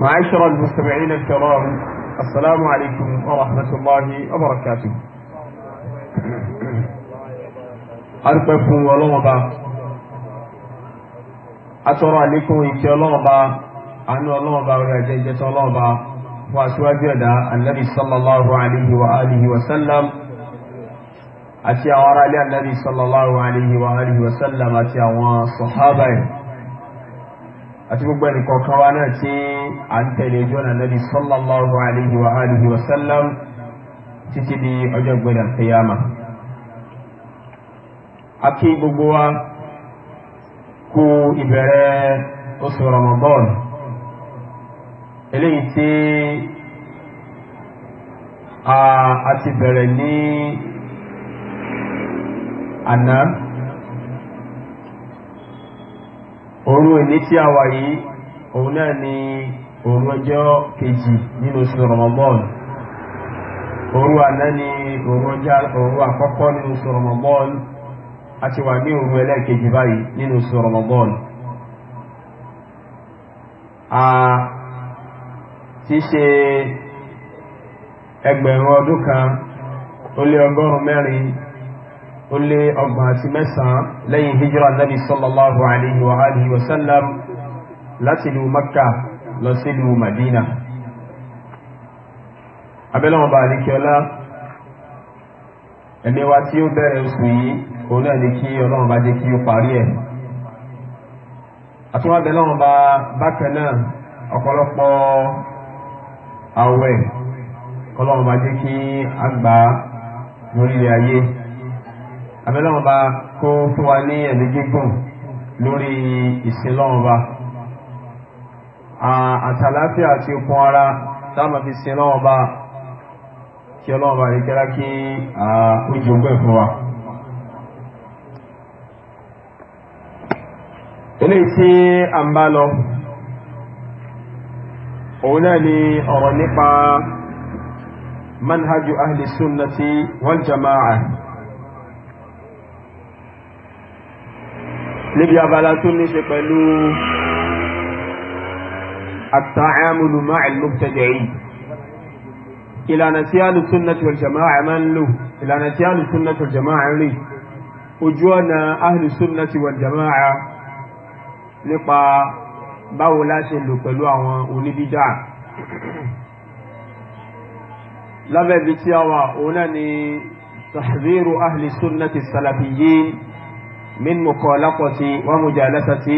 معاشر المستمعين الكرام السلام عليكم ورحمة الله وبركاته أرقفوا ولغبا أترى لكم إكي لغبا أن لغبا ورجيجة لغبا وأسواجد النبي صلى الله عليه وآله وسلم أتي أورا النبي صلى الله عليه وآله وسلم أتي أورا صحابه àti gbogbo ẹnìkan kan wá náà tí a ń tẹ̀lé ojú ọ̀nà nàbí sallallahu alayhi wa alihi wa sallam títí di ọjọ́ gbẹ̀dẹ̀ àtẹ̀yàmà. a kí gbogbo wa kú ìbẹ̀rẹ̀ oṣù Ramadan eléyìí tí a ti bẹ̀rẹ̀ ní àná òru ìní tí a wà yìí òun náà ni òru ọjọ́ kejì nínú oṣù Ramadan òru àná ni òru àkọ́kọ́ nínú oṣù Ramadan a ti wà ní òru ẹlẹ́ẹ̀kejì báyìí nínú oṣù Ramadan a ti ṣe ẹgbẹ̀rún ọdún kan ó lé ọgọ́rùn-ún mẹ́rin ó lé ọgbọ̀n àti mẹ́sàn-án lẹ́yìn hijira nabi sallallahu alayhi wa alihi wa sallam láti ìlú makka lọ sí ìlú madina abẹ́lẹ́wọ̀n bá àdíkíọlá ẹ̀mí wa tí ó bẹ̀rẹ̀ oṣù yìí òun náà ní kí ọlọ́run bá jẹ́ kí ó parí ẹ̀ àtúnwá abẹ́lẹ́wọ̀n bá bákan náà ọ̀pọ̀lọpọ̀ àwẹ̀ ọlọ́run bá jẹ́ kí a gbà lórílẹ̀ ayé abẹ́lọ́mọba kó fún wa ní ẹ̀mí gígùn lórí ìsinlọ́mọba àtàláfíà àti okun ara táàmà fi sinlọ́mọba kí ọlọ́mọba rí kẹ́lá kí oúnjẹ fún wa ilé tí a ń bá lọ òun náà ni ọ̀rọ̀ nípa manhaju ahli sunnati wal jama'a níbi abala tó ní ṣe pẹ̀lú at-ta'amulu ma'al mubtadi'in ìlànà tí al-sunnah wal jama'a máa ń lò ìlànà tí al-sunnah wal jama'a rí ojú ọ̀nà al-sunnah wal jama'a nípa báwo láṣe lò pẹ̀lú àwọn oníbídà lábẹ́bí tí a wà òun náà ni tahziru ahli sunnati salafiyyin من مخالطة ومجالسة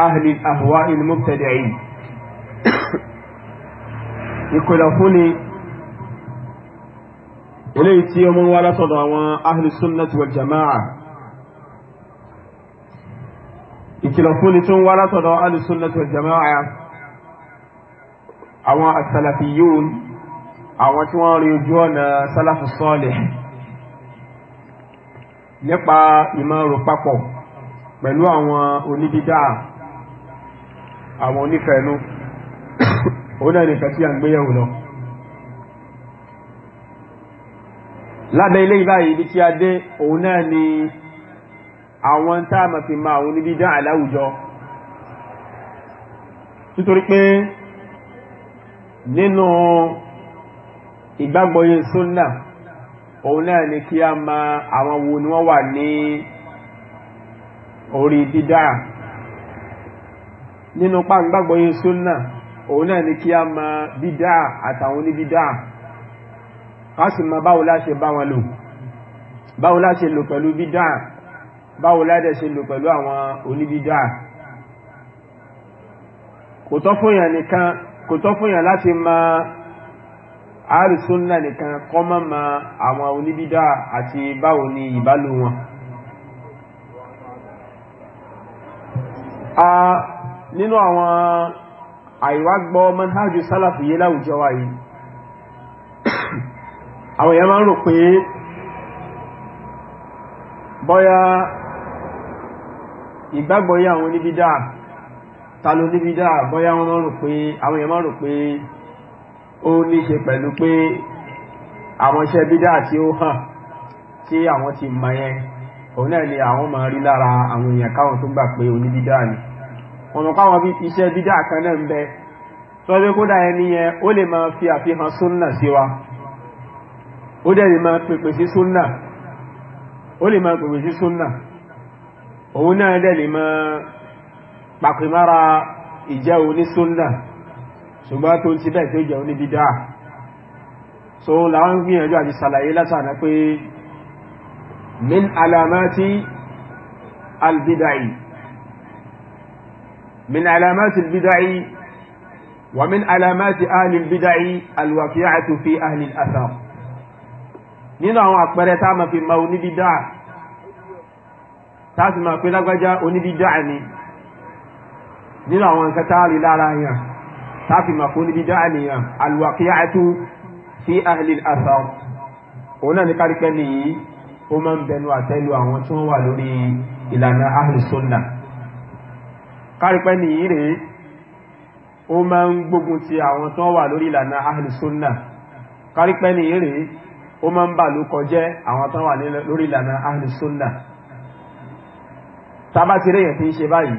أهل الأهواء المبتدعين يقولون إليه يوم ولا تضع أهل السنة والجماعة يقولون تون ولا تضع أهل السنة والجماعة أو السلفيون أو تون رجونا سلف الصالح nípa ìmọ̀rò papọ̀ pẹ̀lú àwọn onídídá àwọn onífẹ̀ẹ́nú òun náà nìkan tí a ń gbéyẹ̀wò lọ lábẹ́ ilé ìbáyìí ibi tí a dé òun náà ni àwọn táàmà fi máa òun níbi dáa láwùjọ nítorí pé nínú ìgbàgbọ́yé sunnah òun náà ni kí a mọ àwọn wo ni wọ́n wà ní orí dídá nínú pàǹgbàgbọ́ yìí súnà òun náà ni kí a mọ bídá àtàwọn oníbídá a sì mọ báwo la ṣe bá wọn lò báwo la ṣe lò pẹ̀lú bídá báwo la dẹ̀ ṣe lò pẹ̀lú àwọn oníbídá kò tọ́ fún yàn nìkan kò tọ́ fún yàn láti máa àrísúnnà nìkan kọ́ mọ́ ma àwọn oníbídá àti báwo ni ìbálò wọn a nínú àwọn àìwágbọ́ manhajú sálàfù yé láwùjọ wa yìí àwọn èèyàn máa ń rò pé bọ́yá ìgbàgbọ́ yí àwọn oníbídá ta ló níbídá bọ́yá wọ́n máa ń rò pé àwọn èèyàn máa ń rò pé ó ní ṣe pẹ̀lú pé àwọn iṣẹ́ bídá tí ó hàn tí àwọn ti mọ̀ yẹn òun náà ni àwọn máa rí lára àwọn èèyàn káwọn tó gbà pé oníbídá ni ọ̀nà káwọn bí iṣẹ́ bídá kan náà ń bẹ tọ́jú kódà ẹni yẹn ó lè máa fi àfihàn súnnà sí wa ó dẹ̀ lè máa pèpè sí súnnà ó lè máa pèpè sí súnnà òun náà dẹ̀ lè máa pàpè mára ìjẹ́ oní súnnà ṣùgbọ́n tó ti bẹ́ẹ̀ tó jẹun níbi dáa so láwọn ń gbìyànjú àti sàlàyé látàrà pé min alamati albidai min alamati albidai wa min alamati ahli albidai alwaqi'atu fi ahli al-athar nínú àwọn àpẹẹrẹ tá ma fi ma oníbi dáa tá sì ma fi lágbájá oníbi ni nínú àwọn nǹkan tá rí lára yàn táàfin máa fún níbi dáa nìyàn alwaqi'atu fi ahli al-athar òun náà ní kárípẹ́ nìyí ó máa ń bẹnu àtẹ́lu àwọn tí wọ́n wà lórí ìlànà ahli sunnah kárípẹ́ nìyí rèé ó máa ń gbógun ti àwọn tí wọ́n wà lórí ìlànà ahli sunnah kárípẹ́ nìyí rèé ó máa ń bà ló kọjẹ́ àwọn tán wà lórí ìlànà ahlùsọ́nà tàbá ti rẹ̀yẹ̀ tí ń ṣe báyìí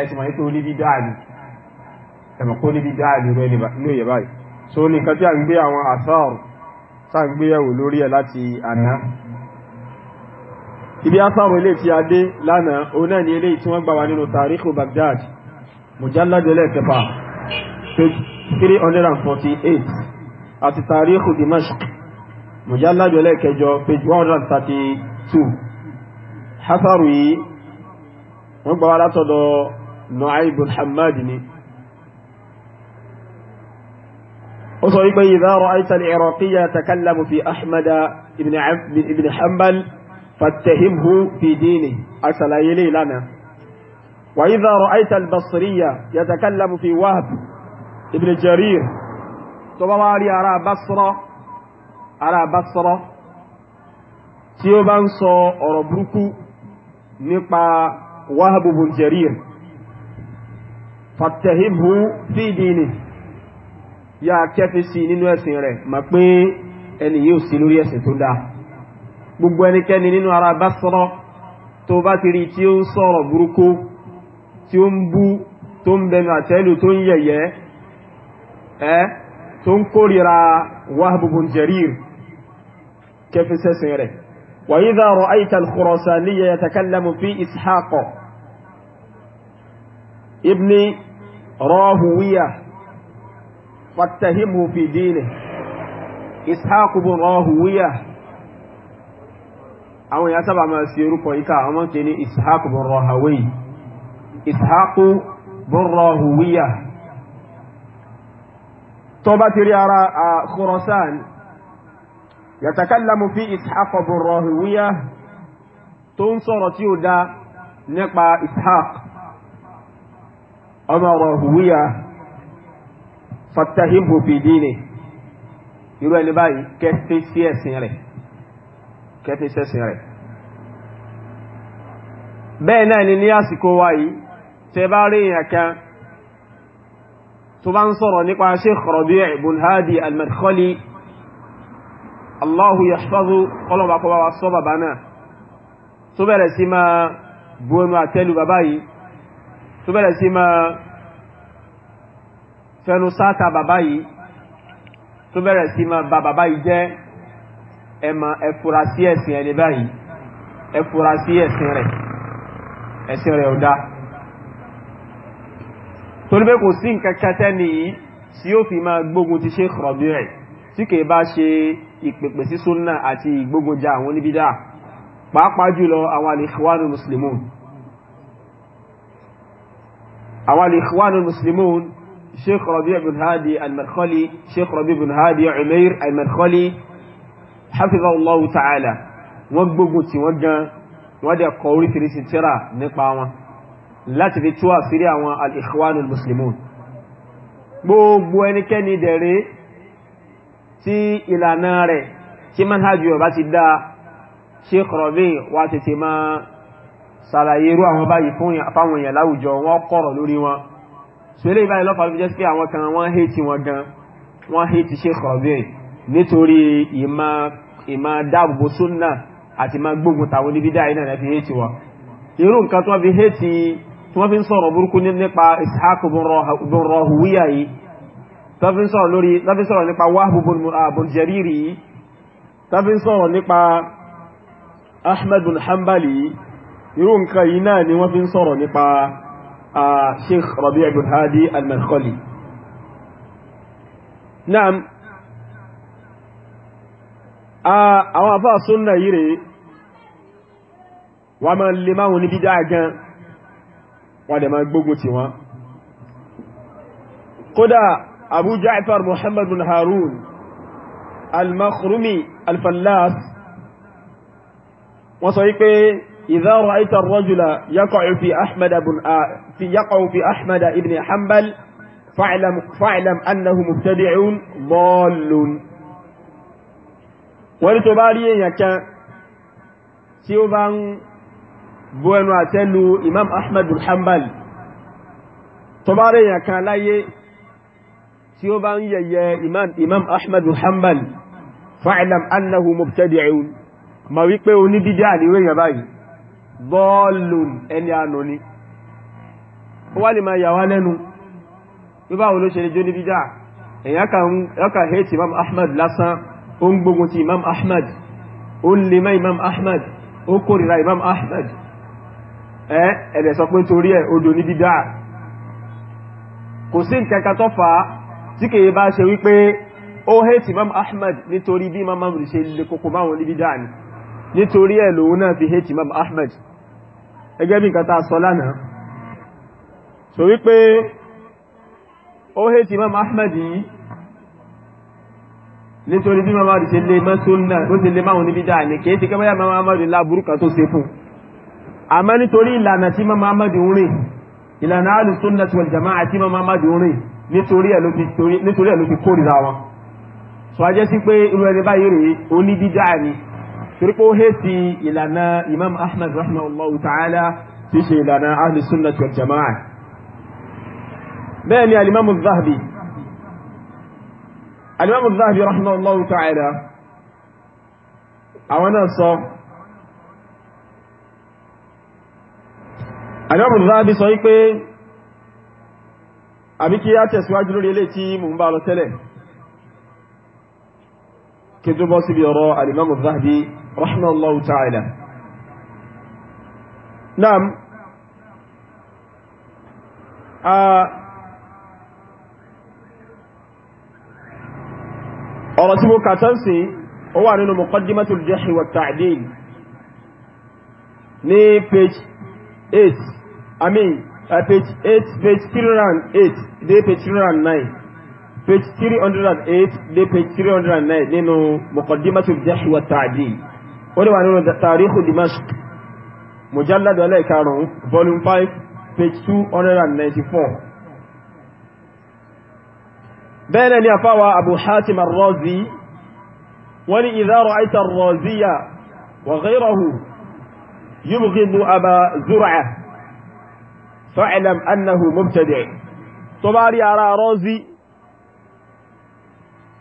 ẹ̀sìmọ̀ ipò olíbí dáàdì ẹ̀mọ̀ kó níbi dáàdì rẹ̀ ní òyẹ̀ báyìí so ní nǹkan tí a ń gbé àwọn àsáàrù tá ń gbéyẹ̀wò lórí ẹ̀ láti àná ibi àsáàrù ilé tí a dé lánàá o náà ni ilé tí wọ́n gbà wá nínú tàríkù Baghdad mujallajẹ́lẹ̀ kẹfà 348 àti tàríkù Dimashq mujallajẹ́lẹ̀ kẹjọ 132 hasaru yìí wọ́n gbà wá látọ̀dọ̀ Nu'aybul Hammadi ni وصيب إذا رأيت العراقي يتكلم في أحمد ابن عم ابن حنبل فاتهمه في دينه أسأل إلي لنا وإذا رأيت البصرية يتكلم في وهب ابن جرير ثم قال أرى بصرة أرى بصرة تيوبان سو أوروبروكو نقا وهب بن جرير فاتهمه في دينه yá kẹ́fí sí nínú ẹ̀sìn rẹ̀ mà pé ẹni yóò sí lórí ẹ̀sìn tó dáa gbogbo ẹnikẹ́ni nínú ara bá sọ́rọ́ tó bá ti rí tí ó ń sọ̀rọ̀ burúkú tí ó ń bú tó ń bẹnu àtẹ́lù tó ń yẹ̀yẹ́ ẹ́ tó ń kórìíra Wahb bun Jarir kẹ́fí sẹ́sìn rẹ̀ وإذا رأيت الخراساني يتكلم في إسحاق ابن راهوية فاتهمه في دينه إسحاق بن راهوية àwọn èèyàn sábà máa sí orúkọ yíká àwọn kì ní ishaq burrahawi ishaq burrahawiya tó bá ti rí ara a khurasan yatakallamu fi ishaq burrahawiya tó ń sọ̀rọ̀ tí ó dá nípa ishaq ọmọ rahawiya fatahimhu fi dini irú ẹni báyìí kẹ́tí sí ẹ̀sìn rẹ̀ kẹ́tí sí ẹ̀sìn rẹ̀ bẹ́ẹ̀ náà ni ní àsìkò wa yìí tẹ bá rí èèyàn kan tó bá ń sọ̀rọ̀ nípa Sheikh Rabi' ibn Hadi al Allahu yahfazu kọlọ̀bà kọba wa sọ bàbá náà tó bẹ̀rẹ̀ sí máa bu ẹnu àtẹ́lù bàbá yìí tó bẹ̀rẹ̀ sí máa fẹnu sáta bàbá yìí tó bẹ̀rẹ̀ sí máa ba bàbá yìí jẹ́ ẹ̀mà ẹ̀fura sí ẹ̀sìn ẹni báyìí ẹ̀fura sí ẹ̀sìn rẹ̀ ẹ̀sìn rẹ̀ ò dá torí pé kò sí nǹkan kẹtẹ́ nìyí tí ó fi máa gbógun ti Sheikh Rabi' tí kìí bá ṣe ìpèpè sí súnnà àti ìgbógunjà àwọn oníbídà pàápàá jùlọ àwọn al-Ikhwanul àwọn al-Ikhwanul شيخ ربيع بن هادي المدخلي شيخ ربيع بن هادي عمير المدخلي حفظه الله تعالى وقبقوا تيوجا ودي قولي في رسالة نقاوة لا تفتوى سريعا الإخوان المسلمون gbogbo ẹnikẹ́ni dẹ̀rẹ́ tí ìlànà rẹ̀ tí manhajù ọba ti dá Sheikh Rabi wá tètè máa sàlàyé irú àwọn báyìí fún àwọn èèyàn láwùjọ wọn kọ̀rọ̀ lórí wọn sọlẹ́ ìbáyìí lọ́fà ló fi jẹ́ sí pé àwọn kan wọ́n hétí wọn gan wọ́n hétí Sheikh Rabi' nítorí ìmọ̀ ìmọ̀ dáàbòbò súnà àti ìmọ̀ gbógun tàwọn níbi dáa iná fi hétí wọn irú nǹkan tí wọ́n fi hétí tí wọ́n fi ń sọ̀rọ̀ burúkú nípa Ishaq bin Rahuwiya yìí tó fi ń bin ah, Jariri yìí tó fi ń sọ̀rọ̀ nípa Ahmad Sheikh Rabi' ibn Hadi al-Madkhali naam àwọn afá súnnà yìí rèé wọ́n máa lè máa wọn ní bídá gan wọ́n dẹ̀ máa gbógun ti wọ́n kódà Abu Ja'far Muhammad bin Harun al-Makhrumi al-Fallas wọ́n sọ wípé إذا رأيت الرجل يقع في أحمد بن آ... في يقع في أحمد ابن حنبل فاعلم فاعلم أنه مبتدع ضال. ولتبالي كان سيوفان بوانو أتلو إمام أحمد بن حنبل تبالي كان لاي سيوفان يا إمام إمام أحمد بن حنبل فاعلم أنه مبتدع ما ويكبه ونبدع لي وين يا باي bọ́ọ̀lùn ẹni ànà ni ó wá lè máa yà wá lẹ́nu bí báwo ló ṣe lè jó ní bídá èyàn kà hẹ́tì imam ahmad lásán ó ń gbógun ti imam ahmad ó ń lè má imam ahmad ó kórìíra imam ahmad ẹ́ ẹ̀dẹ̀ sọ pé nítorí ẹ̀ odò ní bídá kò sí nǹkankan tó fà á tí kèye bá ṣe wípé ó hẹ́tì imam ahmad nítorí bí imam ahmad ṣe lè kókò máwọn ní bídá ni nítorí ẹ̀ lòun náà fi hẹ́tì imam ahmad ẹgẹ́ bí nǹkan tá sọ lánàá so wípé ó hé ti Imam Ahmad yìí nítorí bí mamadu ṣe lè mọ́ sunna ó ti lè máa níbi dáa ní kìí ti kẹ́ báyà mamadu láburú kan tó ṣe fún àmọ́ nítorí ìlànà tí mamadu ń rìn ìlànà alùsùnà tí wal jama'a tí mamadu ń rìn nítorí ẹ̀ ló fi kórìíra wọn so a jẹ́ sí pé irú ẹni báyìí rèé oníbídáà ni torípé ó hẹ́sì ìlànà imam ahmed rahimahullah ta'ala ti ṣe ìlànà ahli sunnah wal jama'a bẹ́ẹ̀ ni alimamu zahabi alimamu zahabi rahimahullah ta'ala àwọn náà sọ alimamu zahabi sọ wípé àbíkí á tẹ̀síwájú lórí ilé tí mò ń lọ tẹ́lẹ̀ kí tó bọ́ síbi alimamu zahabi رحمه الله تعالى نعم ọ̀rọ̀ tí mo kàtán sí ó wà nínú muqaddimatul jarh wa ta'dil ní page 8 i mean uh, page 8 page 308 dé page 309 page 308 dé page 309 nínú muqaddimatul jarh wa ta'dil ó lè wà nínú tàríkù dimashq mujallad ẹlẹ́ẹ̀karùn-ún volume five page two hundred and ninety-four bẹ́ẹ̀ náà ni àfáwà abu hatim ar-razi wọ́n ni idha ra'ayta ar-raziya wa ghayrahu yubghidu aba zur'a fa'lam annahu mubtadi' tó bá rí ara rọ́zi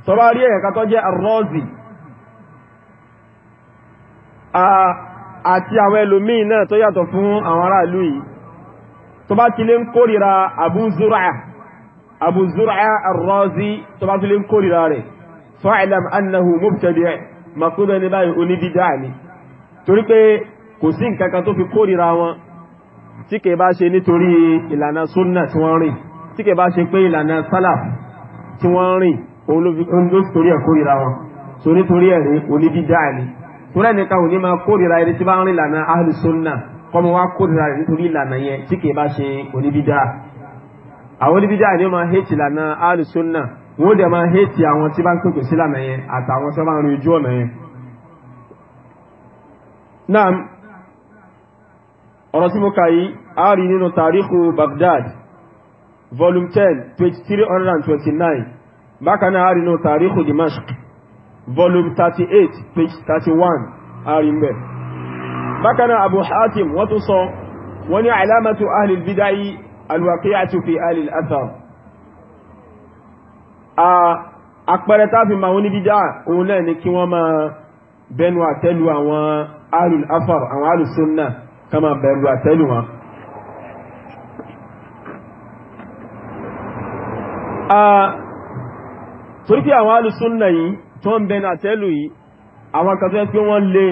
tó bá rí ẹ̀yẹ̀ká tó jẹ́ ar-razi àti àwọn ẹlòmíì náà tó yàtọ̀ fún àwọn aráàlú yìí tó bá ti lè ń kórìíra Abu Zur'a Abu Zur'a ar-Razi tó bá ti lè ń kórìíra rẹ̀ fa'lam annahu mubtadi' makudu ẹni báyìí oníbídà ni torí pé kò sí nǹkan kan tó fi kórìíra wọn tí kìí bá ṣe nítorí ìlànà súnnà tí wọ́n rìn tí kìí bá ṣe pé ìlànà sálàf tí wọ́n rìn òun ló fi torí ẹ̀ kórìíra wọn so nítorí ẹ̀rí oníbídà ni torí ẹnìkan ò ní máa kórìíra ẹni tí bá ń rìn lànà ahlùsọ́nà kọ́mọ wá kórìíra rẹ̀ nítorí ìlànà yẹn tí kì í bá ṣe oníbídà àwọn oníbídà ni ó máa hẹ́ẹ̀tì lànà ahlùsọ́nà wọ́n dẹ̀ máa hẹ́ẹ̀tì àwọn tí bá ń pèpè sí lànà yẹn àtàwọn tí wọ́n máa ń rin ojú ọ̀nà yẹn. náà ọ̀rọ̀ tí mo kà yìí a rí nínú Baghdad volume ten Twenty three hundred and twenty nine bákan náà a rí nínú tàríkù Dimashq volume 38 page 31 arimbe bákaná abu hatim wọ́n tún sọ wọ́n ní alamatu ahli al-bidai alwaqi'atu fi ahli al-athar a àpẹẹrẹ tá fi ma wọ́n ní bídá òun náà ni kí wọ́n ma bẹnu àtẹ́lù àwọn ahli al àwọn ahli sunna kama bẹ̀rù àtẹ́lù wọn torí pé àwọn ahli sunna yìí tó ń bẹnu àtẹ́lù yìí àwọn kan tó yẹ pé wọ́n lé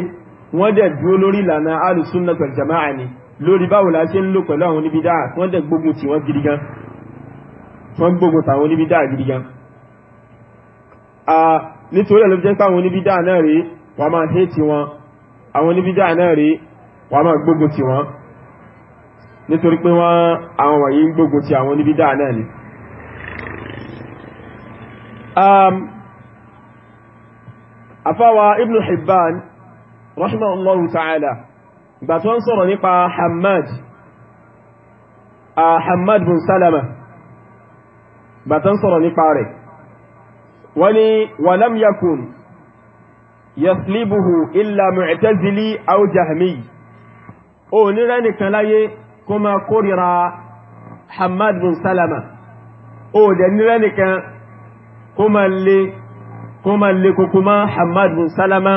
wọ́n dẹ̀ dúró lórí ìlànà alùsùnà pẹ̀lú jama'a ni lórí báwo la ṣe ń lò pẹ̀lú àwọn oníbídà wọ́n dẹ̀ gbógun tì wọ́n gidi gan wọ́n gbógun tàwọn oníbídà gidi gan nítorí ẹ̀ ló jẹ́ pé àwọn oníbídà náà rí wọ́n máa hé ti wọn àwọn oníbídà náà rí wọ́n máa gbógun tì wọ́n nítorí pé wọ́n àwọn wọ̀nyí ń gbógun tì àwọn oníbídà náà ni. Um, afáwa ibn hibban rahimahullahu ta'ala gbà tó ń sọ̀rọ̀ nípa hamad a hamad bin salama gbà tó ń sọ̀rọ̀ nípa rẹ̀ wani walam yakun yaslibuhu illa mu'tazili aw jahmi ó ní rẹ́nìkan láyé kó ma hamad bin salama ó dẹ̀ ní rẹ́nìkan kó ma kó le lé koko salama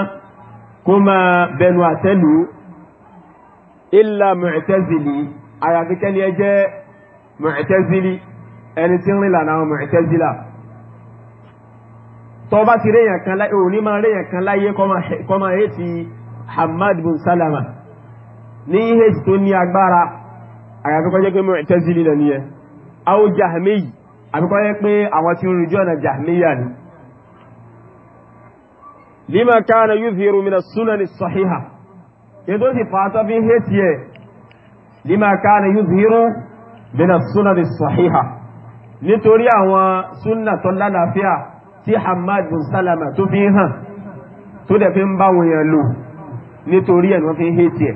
kó máa bẹnu illa mu'tazili àyàfi kẹ́ni ẹ jẹ́ mu'tazili ẹni tí ń rìn lànà àwọn mu'tazila tó bá ti réyàn kan láyé òní máa réyàn kan láyé kọ́ máa hé ti hamad bin salama ní ihe tó ní agbára àyàfi kọ́ jẹ́ pé mu'tazili lẹ́nu yẹn àwọn jahmeyi àbíkọ́ jẹ́ pé àwọn tí ń rìn jọ́nà jahmeyi ni lima kana yudhiru min as-sunan as-sahiha yẹn tó ti fàtọ́ fi hé tiẹ̀ lima kana yudhiru min as-sunan as-sahiha nítorí àwọn súnà tó lálàáfíà tí hamad bin salama tó fi hàn tó dẹ̀ fi ń bá wọn yẹn lò nítorí ẹ̀ ni wọ́n fi hé tiẹ̀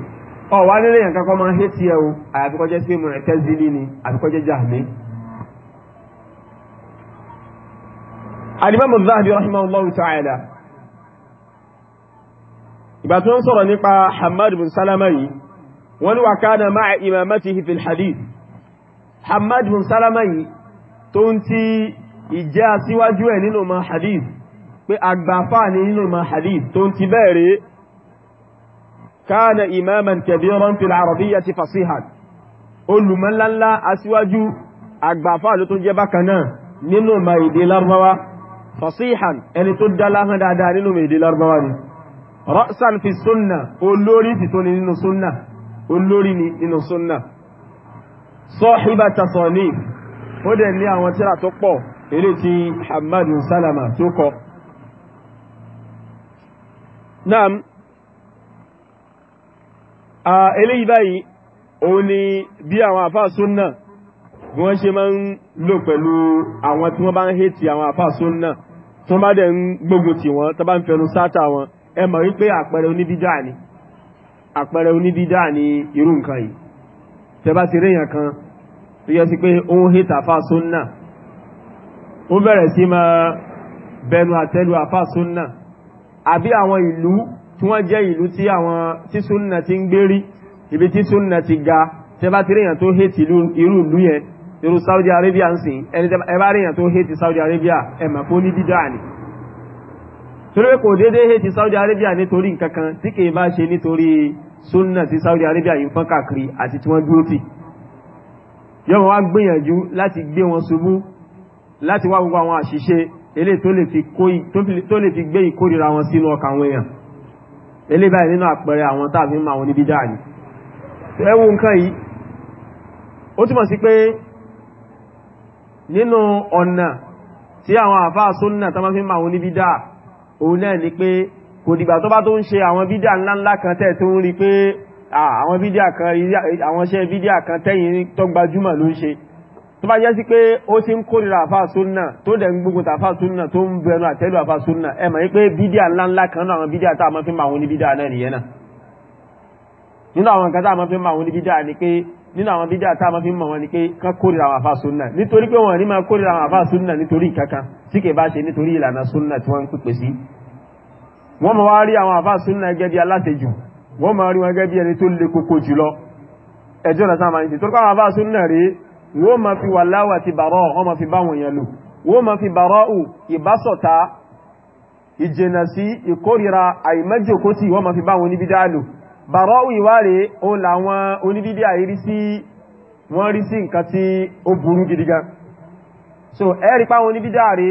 ọ wá nílé yẹn kankan máa hé tiẹ̀ o àyàfikọ́jẹ́ sí mu'tazili ni àyàfikọ́jẹ́ jahmi alimamu zahabi rahimahullahu ta'ala ìgbà tí wọ́n sọ̀rọ̀ nípa Hamad bin Salama yìí wọ́n ní wà kánà máa imamatihi fil hadith Hamad bin Salama yìí tó ń ti ìjẹ́ asíwájú ẹ̀ nínú ma hadith pé àgbàfà ní nínú ma hadith tó ń ti bẹ̀rẹ̀ kánà imaman kabiran fil arabiyyati fasihan olùmọ́lánlá asíwájú àgbàfà ló tó jẹ́ bákan náà nínú ma èdè lárúbáwá fasihan ẹni tó dá láhán dáadáa nínú ma èdè lárúbáwá ni rọ́sàn fi súnà olórí ti tó ni nínú súnà olórí ni nínú súnà sọ́híbà tasọ̀ní ó dẹ̀ ní àwọn tíra tó pọ̀ eré ti hamadu salama tó kọ naam a eléyìí báyìí òun ni bí àwọn àfáà súnà bí wọ́n ṣe máa ń lò pẹ̀lú àwọn tí wọ́n bá ń hẹ́tì àwọn àfáà súnà tó bá dẹ̀ ń gbógun tì wọ́n tó bá ń fẹnu sáátà wọn ẹ mọ̀ wípé àpẹẹrẹ oníbídà ni àpẹẹrẹ oníbídà ni irú nǹkan yìí tẹ bá ti réyàn kan tó yẹ sí pé ó ń hìtà fà súnnà ó bẹ̀rẹ̀ sí máa bẹnu àtẹ́lu àfà àbí àwọn ìlú tí wọ́n jẹ́ ìlú tí àwọn tí ti ń gbérí ibi tí ti ga tẹ bá ti réyàn tó hìtì irú ìlú yẹn irú Saudi Arabia ń sìn ẹni tẹ bá réyàn tó hìtì Saudi Arabia ẹ mọ̀ pé ni torí kò dédé hé ti Saudi Arabia nítorí nkankan tí kìí bá ṣe nítorí sunna ti Saudi Arabia yìí fọ́n kàkiri àti tí wọ́n dúró tì yọ́mọ̀ wá gbìyànjú láti gbé wọn ṣubú láti wá gbogbo àwọn àṣìṣe elé tó lè fi gbé ìkórìíra wọn sínú ọkàn àwọn èèyàn elé báyìí nínú àpẹẹrẹ àwọn tààfin mọ àwọn níbi dáàni ẹ nǹkan yìí ó túmọ̀ sí pé nínú ọ̀nà tí àwọn àfáà sunna tó máa fi mọ àwọn níbi dáà òun náà ni pé kò dìgbà tó bá tó ń ṣe àwọn bídíà ńláńlá kan tẹ̀ tó ń rí pé àwọn bídíà kan àwọn iṣẹ́ bídíà kan tẹ̀yìn tó gbajúmọ̀ ló ń ṣe tó bá jẹ́ sí pé ó ti ń kórìíra àfa sunna tó dẹ̀ ń gbógun tàfa sunna tó ń bẹnu àtẹ́lù àfa sunna ẹ mọ̀ pé bídíà ńláńlá kan náà àwọn bídíà tá a máa fi máa wọn ní bídíà náà nìyẹn náà nínú àwọn nǹkan tá a máa fi máa wọn ní bídíà ni pé nínú àwọn bídíà tá a máa fi mọ̀ wọn ni pé kán kórìíra àwọn àfa sunna nítorí pé wọn ní máa kórìíra àwọn àfa sunna nítorí kankan tí bá ṣe nítorí ìlànà sunna tí wọ́n ń pèpè sí wọ́n mọ̀ wá rí àwọn àfáà súnnà gẹ́gẹ́ bí alátejù wọ́n mọ̀ rí wọn gẹ́gẹ́ bí ẹni tó le koko jùlọ ẹjọ́ ọ̀nà sáàmà ìsìn tó kọ́ àwọn àfáà súnnà rí wọ́n mọ̀ fi wà láwà ti bàrọ́ wọ́n mọ̀ fi bá wọn yẹn lò wọ́n mọ̀ fi bàrọ́ ù ìbásọ̀ta ìjìnà sí ìkórira àìmẹ́jòkótì wọ́n mọ̀ fi bá wọn níbi dáàlò bàrọ́ ù ìwáre òun làwọn oníbídí àìrí sí wọ́n rí sí nǹkan tí ó burú gidigan so ẹ̀rí pa wọn níbi dáàre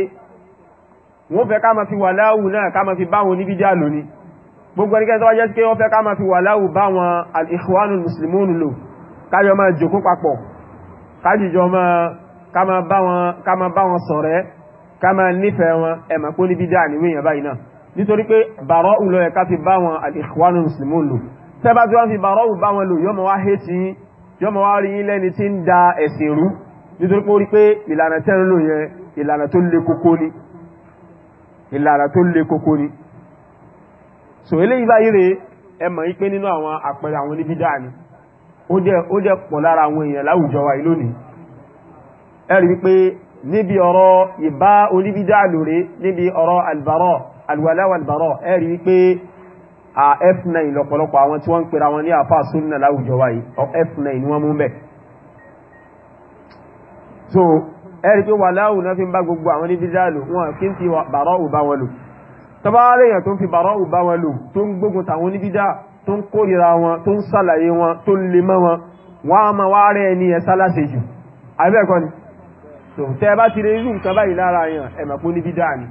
wọ́n fẹ́ ká máa fi wà láwù náà ká máa fi bá wọn níbi díà lóní gbogbo ẹnikẹ́ tó wájẹ́ pé wọ́n fẹ́ ká máa fi wà láwù bá wọn al-ikhwanul muslimun lò kájọ máa jòkó papọ̀ kájíjọ ká máa bá wọn ṣọ̀rẹ́ ká máa nífẹ̀ẹ́ wọn ẹ̀mà kó níbi díà ní wíyàn báyìí náà nítorí pé bàrọ́ ùlọ ẹ̀ ká fi bá wọn al-ikhwanul muslimun lò tẹ́ bá tí wọ́n fi bàrọ́ ù bá wọn lò yọ́mọ wá hé tí yọ́mọ wá rí lẹ́ni tí ìlànà tẹ́rin lò ìlànà tó le kókó ni ìlànà tó le koko ni so eléyìí báyìí rèé ẹ mọ̀ yí nínú àwọn àpẹẹrẹ àwọn oníbídà ni ó jẹ́ ó jẹ́ pọ̀ lára àwọn èèyàn láwùjọ wa yìí lónìí ẹ rí wípé níbi ọ̀rọ̀ ìbá oníbídà lórí níbi ọ̀rọ̀ albaro alwalawa albaro ẹ rí wípé a f9 lọ́pọ̀lọpọ̀ àwọn tí wọ́n ń pera wọn ní àfà súnnà láwùjọ wa so ẹ̀rí pé wàláwù náà fi ń bá gbogbo àwọn ní dídá lò wọn kí n fi bàrọ́ ò bá wọn lò tọ́bárẹ́ èèyàn tó ń fi bàrọ́ ò bá wọn lò tó ń gbógun tàwọn ní dídá tó ń kórìíra wọn tó ń sàlàyé wọn tó ń lè mọ́ wọn wọ́n á máa wá rẹ̀ ẹni ẹ̀ sálàṣe jù àbẹ́ẹ̀kọ́ ni tó tẹ́ ẹ bá ti rí irú nǹkan báyìí lára èèyàn ẹ̀ mọ̀ pé oníbídá ni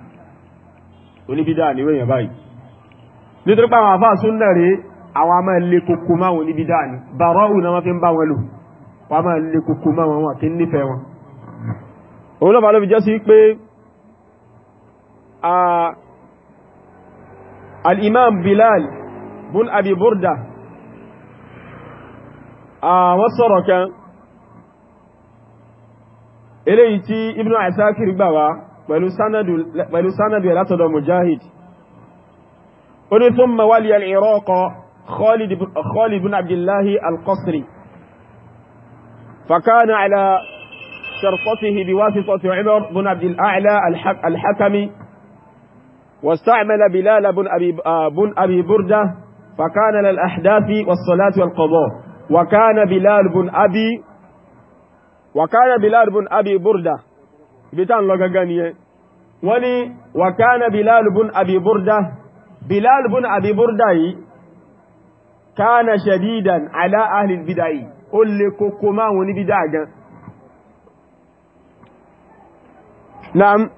oníbídá ni wéèyàn báyìí nítorí pé àwọn àfáà súnà rè àwọn a máa le koko máwọn oníbídá ni bàrọ́ ò náà wọ́n fi ń bá wọn lò wọ́n a máa le koko máwọn wọn kì í nífẹ̀ẹ́ wọn òun lọ́pàá ló fi jẹ́ sí pé al-imam bilal bun abi burda àwọn sọ̀rọ̀ kan eléyìí tí ibn asakir gbà wá pẹ̀lú sanadu látọ̀dọ̀ mujahid ó ní thumma waliya al-iraq khalid bin abdullahi al-qasri fakana ala شرطته بواسطة عمر بن عبد الأعلى الحكمي واستعمل بلال بن أبي, آه، بن أبي بردة فكان للأحداث والصلاة والقضاء وكان بلال بن أبي وكان بلال بن أبي بردة بتان لغاني ولي وكان بلال بن أبي بردة بلال بن أبي بردة كان شديدا على أهل البدعي قل لكم ما هو naam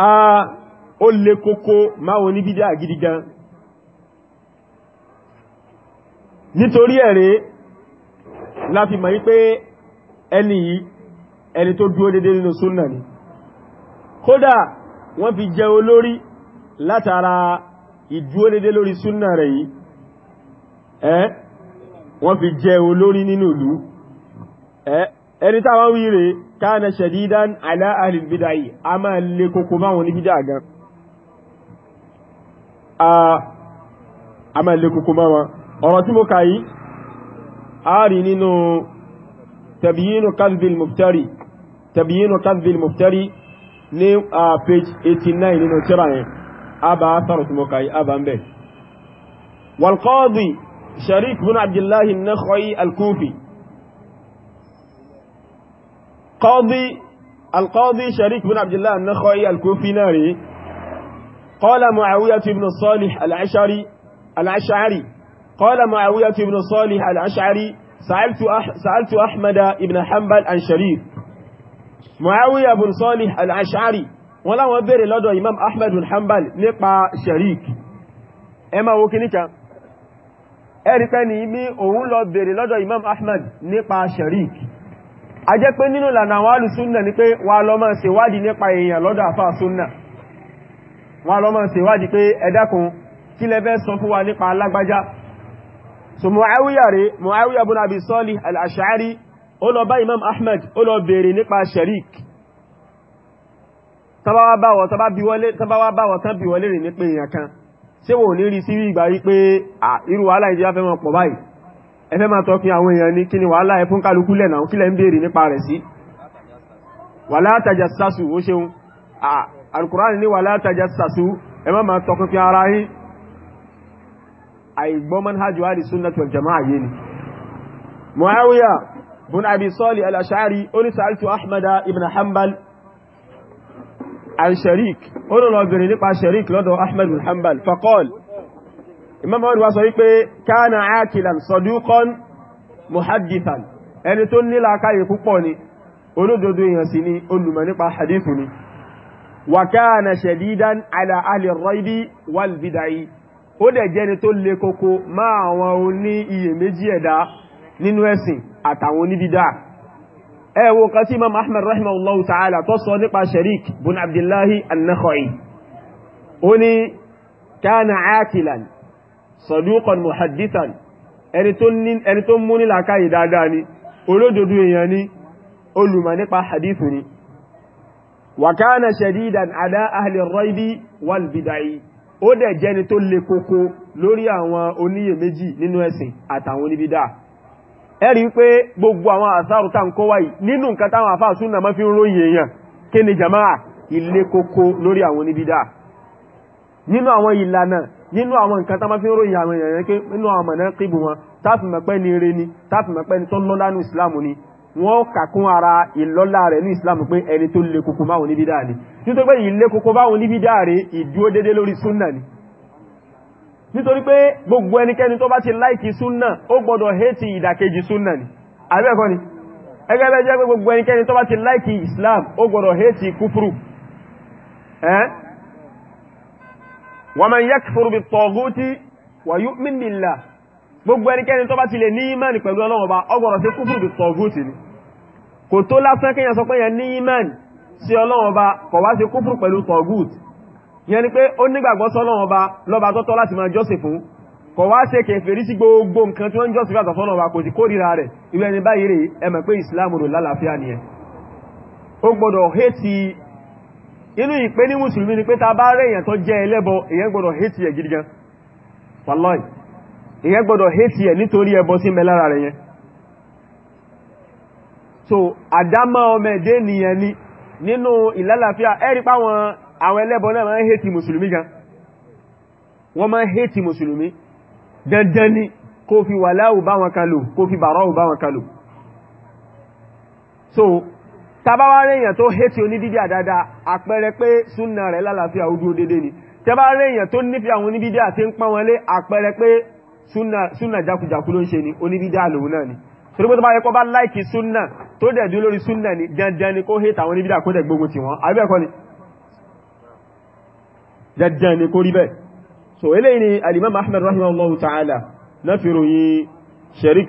a ó koko kókó máwọn oníbídá gidi gan nítorí ẹ̀rẹ́ láti mọ̀ yí pé ẹni yìí ẹni tó dúró dédé nínú súnnà ni kódà wọ́n fi jẹ olórí látara ìdúró dédé lórí súnnà rẹ̀ yìí ẹ́ wọ́n fi jẹ olórí nínú ìlú ẹni tá wọ́n wíire káàna ṣẹ̀dídán ala ahli bídá yìí a máa lè kókó báwọn ní bídá gan a máa lè kókó báwọn ọ̀rọ̀ tí mo kà yìí a rí nínú tabyinu kadhbil muftari tabyinu kadhbil muftari ní page 89 nínú tírà yẹn a bá sọ̀rọ̀ tí mo kà yìí a bá ń bẹ̀ wal qadi bin abdullahi an al-kufi قاضي القاضي شريك بن عبد الله النخعي الكوفي ناري قال معاوية بن الصالح العشعري العشعري قال معاوية بن الصالح العشعري سألت سألت أحمد بن حنبل عن شريك معاوية بن صالح العشعري ولا وبر لدو إمام أحمد بن حنبل نقع شريك أما وكنيكا ẹ̀rí pé ní mi òun lọ bèèrè lọ́dọ̀ imam a jẹ́ pé nínú lànà àwọn alùsúnnà ni pé wà lọ máa ṣèwádìí nípa èèyàn lọ́dọ̀ àfáà súnnà wà lọ máa ṣèwádìí pé ẹ dákun kí lẹ fẹ́ sọ fún wa nípa alágbájá so Muawiya rẹ̀ Muawiya ibn Abi Salih al-Ash'ari ó lọ bá Imam Ahmad ó lọ bèèrè nípa sharik tàbáwà báwọ̀ tán bí wọlé rẹ̀ nípa èèyàn kan ṣé wò ní rí sí ìgbà wípé irú ẹfẹ́ máa tọ́fin àwọn èèyàn ní kí ni wàhálà ẹ fún kálukú lẹ́nà kílẹ̀ ń bèèrè nípa rẹ̀ sí wàlá tajassasu ó ṣeun alkùránì ní wàlá tajassasu ẹ má máa tọkùnfin ara yín àìgbọ́ manhajù ahli sunnati wal jama'a yé ni Muawiya bun Abi Salih al-Ash'ari ó ní sa'altu Ahmada ibn Hanbal al-Sharik ó lọ́bìnrin nípa Sharik lọ́dọ̀ Ahmad Hanbal faqala imam ahmad wá sọ wípé kana akilan saduqan muhaddithan ẹni tó ní làákàyè púpọ̀ ni olódodo èèyàn sì ni olùmọ̀ nípa hadithu ni wa kana shadidan ala ahli ar-raybi wal bid'i ó dẹ̀ jẹ́ni tó le koko máa àwọn oní iyèméjì ẹ̀dá nínú ẹ̀sìn àtàwọn oníbídá kana akilan saduqan muhaddisan ẹni tó mú ní làákàyè dáadáa ni olódodo èèyàn ni olùmọ̀ nípa hadith ni wa kana shadidan ala ahli ar-raybi wal bid'ah ó dẹ̀ jẹ́ni tó le koko lórí àwọn oníyèméjì nínú ẹ̀sìn àtàwọn oníbídà ẹ̀rí pé gbogbo àwọn àsáàrù tá ń kó wáyìí nínú nǹkan táwọn àfáà súnà máa fi ń ròyìn èèyàn kí ni jama'a ilé koko lórí àwọn oníbídà nínú àwọn ìlànà nínú àwọn nǹkan tá máa fi ń ròyìn àwọn èèyàn pé nínú àwọn mọ̀nà kíbù wọn táàfì mọ̀pẹ́ ni eré ni táàfì mọ̀pẹ́ ni tó lọ́lá ní ìsìláàmù ni wọ́n kàkún ara ìlọ́lá rẹ̀ ní ìsìláàmù pé ẹni tó le koko báwọn níbi dáa ni nítorí pé ìle koko báwọn níbi dáa rẹ̀ ìdúró dédé lórí súnà ni nítorí pé gbogbo ẹnikẹ́ni tó bá ti láìkì súnà ó gbọ́dọ̀ hétì ìdàkejì súnà ni àbẹ́ẹ̀kọ́ ni ẹgbẹ́ jẹ́ gbogbo ẹnikẹ́ni tó bá ti láìkì Islam ó gbọ́dọ̀ hétì kúfúrú wa man yakfur bi taghuti wa yu'min billah gbogbo ẹnikẹ́ni tó bá ti lè ní imani pẹ̀lú ọlọ́run ọba ọgbọ̀rọ̀ sí kúfùrù bí taghuti ni kò tó lásán kíyàn sọ pé yẹn ní imani sí ọlọ́run ọba kò wá sí kúfùrù pẹ̀lú taghuti yẹn ni pé ó nígbàgbọ́ sọ́lọ́run ọba lọ́ba tó tọ́ láti inú ìpé ní mùsùlùmí ni pé ta bá rẹ̀ èyàn tó jẹ́ ẹlẹ́bọ èyàn gbọ́dọ̀ hétì ẹ̀ gidi gan wallahi èyàn gbọ́dọ̀ hétì ẹ̀ nítorí ẹbọ sí mẹ́ lára rẹ̀ yẹn so àdámọ́ ọmọ ẹ̀dẹ́ nìyẹn ni nínú ìlàlàáfíà ẹ̀rí páwọn àwọn ẹlẹ́bọ náà máa ń hétì mùsùlùmí gan wọ́n máa ń hétì mùsùlùmí dandan ni kó fi wàláwù báwọn kalò kó fi bàrọ́wù báwọn kalò so tàbáwá rèèyàn tó hétí oníbídíà dáadáa àpẹẹrẹ pé súnà rẹ̀ lálàáfíà ojú dédé ni tẹ́bá rèèyàn tó nífẹ̀ẹ́ àwọn oníbídíà tí ń pọ́n wọn lé àpẹẹrẹ pé súnà jákujàku ló ń ṣe ni oníbídíà lòun náà ni torí pé tó bá yẹ kó bá láìkì súnà tó dẹ̀ dúró lórí súnà ni dandan ni kó hétí àwọn oníbídíà kó dẹ̀ gbógun tì wọ́n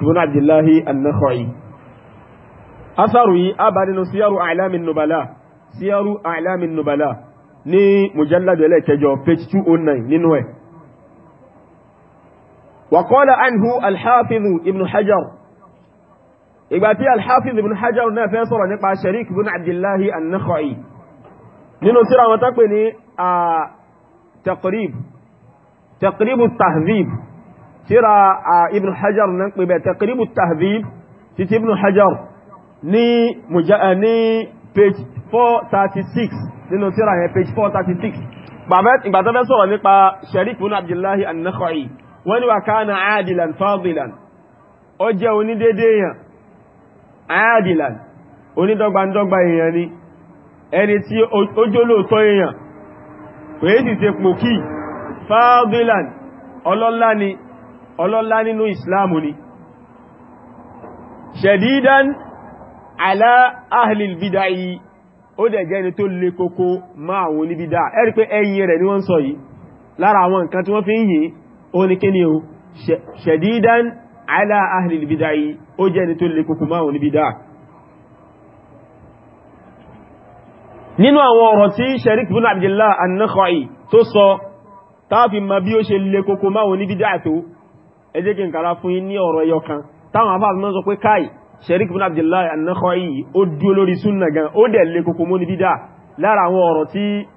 àbẹ́ẹ̀kọ́ ni asaru yìí abà nínú síyàrù àìlámin nùbàlá síyàrù àìlámin nùbàlá ní mujalladu ẹlẹ́kẹjọ page 209 nínú ẹ̀ wàkọ́lá anhu alhafizu ibn hajar ìgbà tí alhafizu ibn hajar náà fẹ́ sọ̀rọ̀ nípa sharik ibn abdullahi an-nakhai nínú tírà wọn tán pè ní a taqrib taqribu tahzib tírà ibn hajar náà pè bẹ́ taqribu tahzib títí ibn hajar ní eh, ní page 436 nínú tírà yẹn page 436 ìgbà tó fẹ́ sọ̀rọ̀ nípa Sharif ibn Abdullahi an-Nakhai wọ́n ní wa kana adilan fadilan ó jẹ́ onídédé èèyàn adilan onídọ́gbandọ́gba èèyàn ni ẹni tí ó jólóòtọ́ èèyàn pèé sì ṣe pòkí fadilan ọlọ́lá ni ọlọ́lá nínú ìsìláàmù ni shadidan àlá ahlil bídá yìí ó dẹ̀ jẹ́ ẹni tó le koko má àwọn oníbídá ẹ̀rí pé ẹ̀yìn rẹ̀ ni wọ́n sọ yìí lára àwọn nǹkan tí wọ́n fi ń yìí ó ní kíni o ṣẹ̀dídán àlá ahlil bídá yìí ó jẹ́ ẹni tó le koko má àwọn oníbídá nínú àwọn ọ̀rọ̀ tí sherik bin abdullah an tó sọ táàfin ma bí ó ṣe le koko má àwọn oníbídá tó ẹ kí n kàrà fún yín ní ọ̀rọ̀ ẹyọ kan táwọn afáàfin mọ́ sọ pé káì sherik bin abdullahi annakhoyi ó dúó lórí súnà gan ó dẹ̀ lé koko mọ́ ní bídá lára àwọn ọ̀rọ̀ tí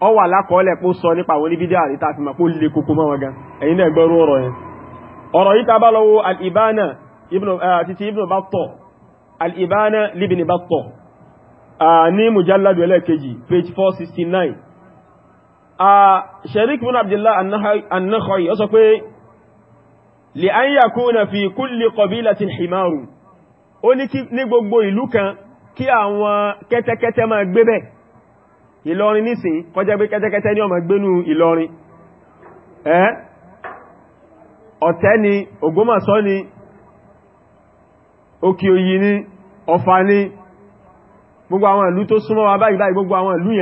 ó wà lákọọ́lẹ̀ pó sọ nípa àwọn ní bídá rí tàfi ma pó lé koko mọ́ wọn gan ẹ̀yin dẹ̀ gbọ́rú ọ̀rọ̀ yẹn ọ̀rọ̀ yìí tàbá lọ́wọ́ al'ibana títí ibn battọ̀ al'ibana libin battọ̀ ní mujalladu ẹlẹ́kejì page 469 sherik bin abdullahi annakhoyi ó sọ pé li an yakuna fi kulli qabilatin himaru ó ní kí ní gbogbo ìlú kan kí àwọn kẹ́tẹ́kẹ́tẹ́ máa gbé bẹ̀ ìlọrin nísìn kọjá pé kẹ́tẹ́kẹ́tẹ́ ní ọmọ gbénú ìlọrin ẹ́ ọ̀tẹ́ ni ògbómọ̀ṣọ́ ni òkè òyì ni ọ̀fà ni gbogbo àwọn ìlú tó súnmọ́ wa báyìí báyìí gbogbo àwọn ìlú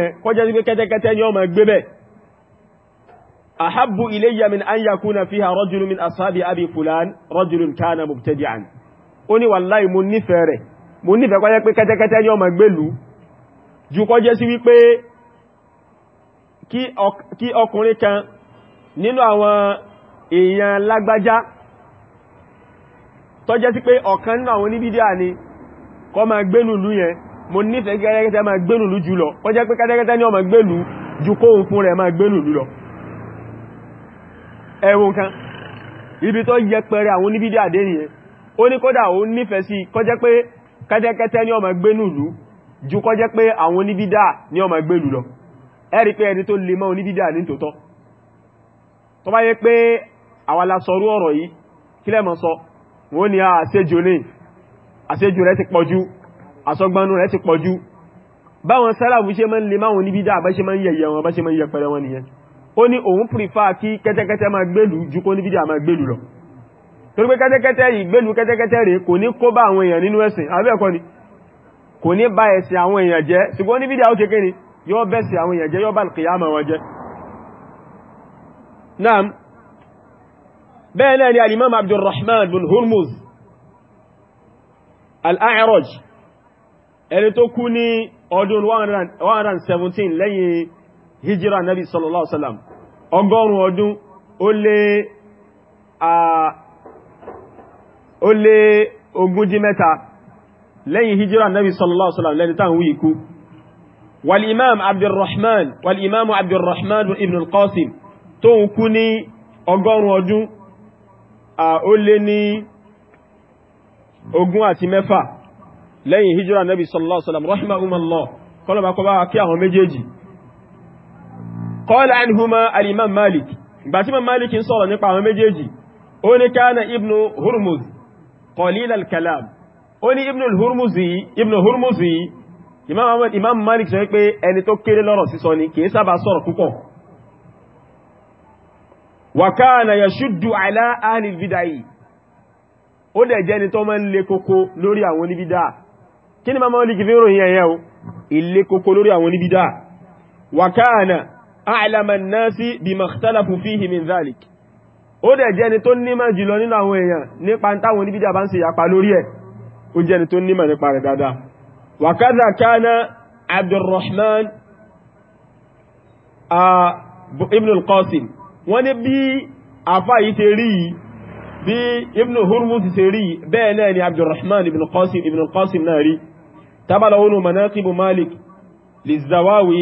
ó ní wàláì mo nífẹ̀ẹ́ rẹ̀ mo nífẹ̀ẹ́ kó jẹ́ pé kẹ́tẹ́kẹ́tẹ́ ní ọmọ gbèlú ju kó jẹ́ sí wípé kí ọkùnrin kan nínú àwọn èèyàn lágbájá tó jẹ́ sí pé ọ̀kan nínú àwọn oníbídíà ni kó máa gbélùlú yẹn mo nífẹ̀ẹ́ kẹ́tẹ́kẹ́tẹ́ máa gbélùlú jù lọ ó jẹ́ pé kẹ́tẹ́kẹ́tẹ́ ní ọmọ gbélù ju kóhun fún rẹ̀ máa gbélùlú lọ ẹ̀wọ̀n kan ibi tó yẹpẹrẹ àwọn oníbídíà dé nìyẹn ó ní kódà òun nífẹ̀ẹ́ sí kọjẹ́ pé kẹ́tẹ́kẹ́tẹ́ ní ọmọ gbé nùlú ju kọjẹ́ pé àwọn oníbídà ní ọmọ gbé lù lọ ẹ̀rí pé ẹni tó lè mọ́ oníbídà ní tòótọ́ tó bá yẹ pé àwa la sọrú ọ̀rọ̀ yìí kí lẹ́mọ̀ sọ wọ́n ni àṣejò ní àṣejò rẹ̀ ti pọ̀jú àṣọgbọ́nú rẹ̀ ti pọ̀jú báwọn sálàfù ṣe mọ́ torí pé kẹ́tẹ́kẹ́tẹ́ yìí gbélú kẹ́tẹ́kẹ́tẹ́ rẹ̀ kò ní kó bá àwọn èèyàn nínú ẹ̀sìn abẹ́ẹ̀kọ́ ni kò ní bá ẹ̀sìn àwọn èèyàn jẹ́ ṣùgbọ́n ní fídíà ó kéèké ni yóò bẹ́sì àwọn èèyàn jẹ́ yóò bá kìyàmà wọn jẹ́ náà bẹ́ẹ̀ náà ni alimam abdulrahman bin hurmuz al-a'raj ẹni tó kú ní ọdún ó lé ogúnjí mẹ́ta lẹ́yìn hijira nabi sallallahu alaihi wasallam lẹ́ni táwọn wíkú walimam abdurrahman walimamu abdurrahman ibn al-qasim tó ń kú ní ọgọ́rùn ọdún a ó lé ní ogún àti mẹ́fà lẹ́yìn hijira nabi sallallahu alaihi wasallam rahimahumallah kọlọ̀bà kọ bá kí àwọn méjèèjì qala anhuma al-imam malik ìgbà tí ma malik ń sọ̀rọ̀ nípa àwọn méjèèjì ó ní kana ibnu hurmuz qalilal kalam ó ní ibnul hurmuzi ibnul hurmuzi imam ahmed imam malik sọ pé ẹni tó kéré lọ́rọ̀ sísọ ni kìí sábà sọ̀rọ̀ púpọ̀ wa kana yashuddu ala ahli bid'ah ó dẹ̀ jẹ́ ni tó máa ń le koko lórí àwọn oníbídà kí ni mama malik fi ń ròyìn ẹ̀yẹ́ o ilé koko lórí àwọn oníbídà wa kana a'laman nasi bima ikhtalafu fihi min dhalik ó dẹ̀ jẹ́ ni tó nímọ̀ jùlọ nínú àwọn èèyàn nípa táwọn oníbídà bá ń ṣe yapa lórí ẹ̀ ó jẹ́ ni tó nímọ̀ nípa rẹ̀ dáadáa wàkádà kánà abdulrahman ibn al-qasim wọ́n ní bí àfá yìí ṣe rí bí ibn hurmuz ṣe rí bẹ́ẹ̀ náà ni abdulrahman ibn al-qasim ibn qasim náà rí tabalawonu manaqibu malik lizawawi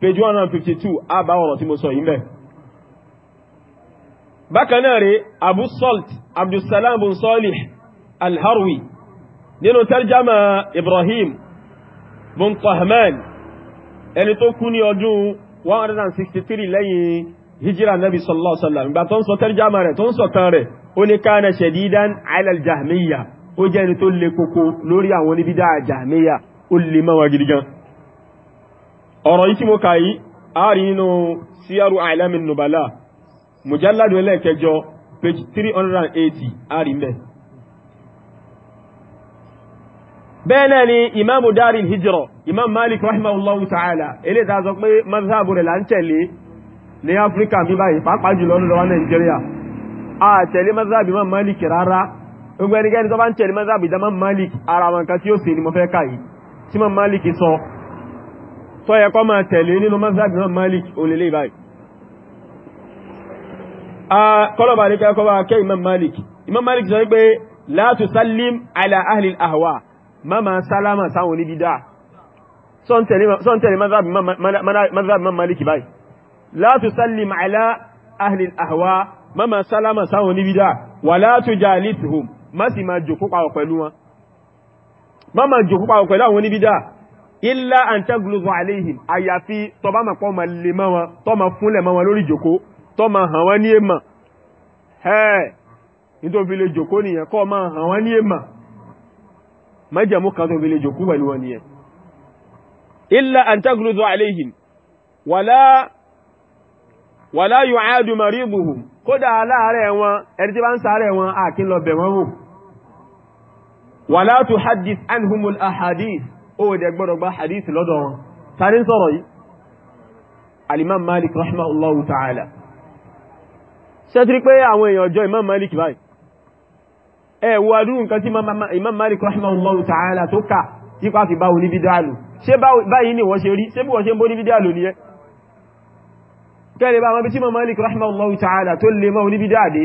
page 152 àbáwọ̀rọ̀ tí mo sọ yìí bẹ́ẹ̀ bákanáà rẹ̀ abu salt abdulsalam bin salih alharwi nínú tarjama ibrahim bin tahman ẹni tó kú ní ọdún 163 lẹ́yìn hijira nabi sallallahu alaihi wasallam ìgbà tó ń sọ tarjama rẹ̀ tó ń sọ tán rẹ̀ ó ní kana shadidan ala aljahmiya ó jẹ́ ẹni tó le koko lórí àwọn oníbídá jahmiya ó lè máa wà gidi gan ọ̀rọ̀ yìí tí mo kà yìí a rí nínú siyaru alamin nubala mujalladu ẹlẹ́ẹ̀kẹjọ page three hundred and eighty ari mbẹ. bẹ́ẹ̀ náà ni imaamu daril hijra imam malik rahimahullahu ta'ala eléyìí tá a sọ pé mazhabu rẹ̀ là ń tẹ̀lé ní áfíríkà mi báyìí pàápàá jùlọ ní lọ́wọ́ nàìjíríà a tẹ̀lé mazhabu imam malik rárá gbogbo ẹnikẹ́ni tó bá ń tẹ̀lé mazhabu imam malik ara wọn kan tí ó sì ni mo fẹ́ ká yìí tí imam malik sọ tó yẹ kó máa tẹ̀lé nínú mazhabu imam malik òlélẹ́yìí báyìí kọlọ̀bà ní kẹ́kọ́bà kẹ́ imam malik imam malik sọ wípé la tusallim ala ahli ahwa ma ma sálámà sáwọn ní bídá sọ́ntẹ̀lẹ̀ mazhab imam malik báyìí la tusallim ala ahli ahwa ma ma sálámà sáwọn ní bídá wà la tujalithum ma sì ma jòkó tó ma hàn wá ní èmà ẹ́ nítorí fi lè jòkó nìyẹn kọ́ ma hàn wá ní èmà májàmú kan tó fi lè jòkó pẹ̀lú wọn nìyẹn illa an tagluzu alaihim wala wala yu'adu mariduhum kódà aláàárẹ̀ wọn ẹni tí bá ń ṣàárẹ̀ wọn alimam malik rahimahullahu ta'ala ṣẹ́tìrí pé àwọn èèyàn ọjọ́ Imam Malik báyìí ẹ wo adúrú nǹkan tí Imam Malik rahimahullahu ta'ala tó kà ipa fi báwo ní bídálù ṣé báyìí ni wọ́n ṣe rí ṣé bí wọ́n ṣe ń bó ní bídálù ni ẹ kẹ́lẹ̀ bá wọn bí tí Imam Malik rahimahullahu ta'ala tó lè mọ́ oníbídáàdé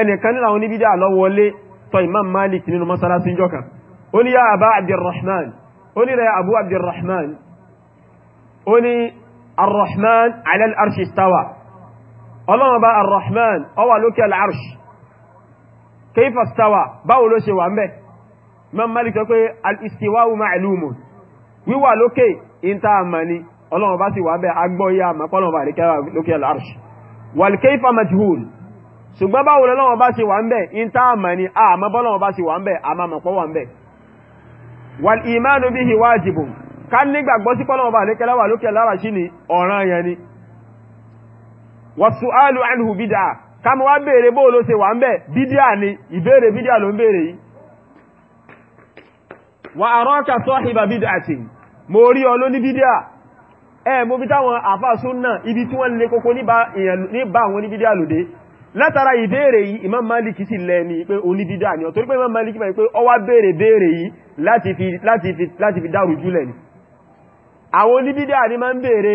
ẹnìkan nínú àwọn oníbídáà lọ wọlé tọ Imam Malik nínú masalasi ọlọ́run bá arrahman ó wà lókè al'arṣ kayfa stawa báwo ló ṣe wà ń bẹ̀ man malik sọ pé al'istiwawu ma'lumun wíwà lókè ìta àmàni ọlọ́run bá sì wà bẹ̀ agbóyà mọ́pọ́lọ́run bá lókè al'arṣ wal kayfa majhul ṣùgbọ́n báwo lọ́wọ́ bá ṣe wà ń bẹ̀ ìta àmàni àmọ́ bọ́lọ́wọ́ bá ṣe wà ń bẹ̀ àmà mọ̀pọ̀ wà lókè láwà wàsùálù àìlùhù bídà káàmù wá bèèrè bóò ló ṣe wà ń bẹ̀ bídíà ni ìbéèrè bídíà ló ń bèèrè yìí wà àrọ́kà sọ́hìbà bídíà ti mo rí ọ lóní bídíà ẹ mo bí táwọn àfáàsúnnà ibi tí wọ́n lè kókó níbà àwọn ní bídíà lòdé látara ìbéèrè yìí imam malik sì lẹ́ni pé oní bídíà ni ọ̀tọ́rí pé imam malik mọ̀ pé ọwá béèrè béèrè yìí láti fi dárùjú lẹ́ni àwọn oní ni máa ń béèrè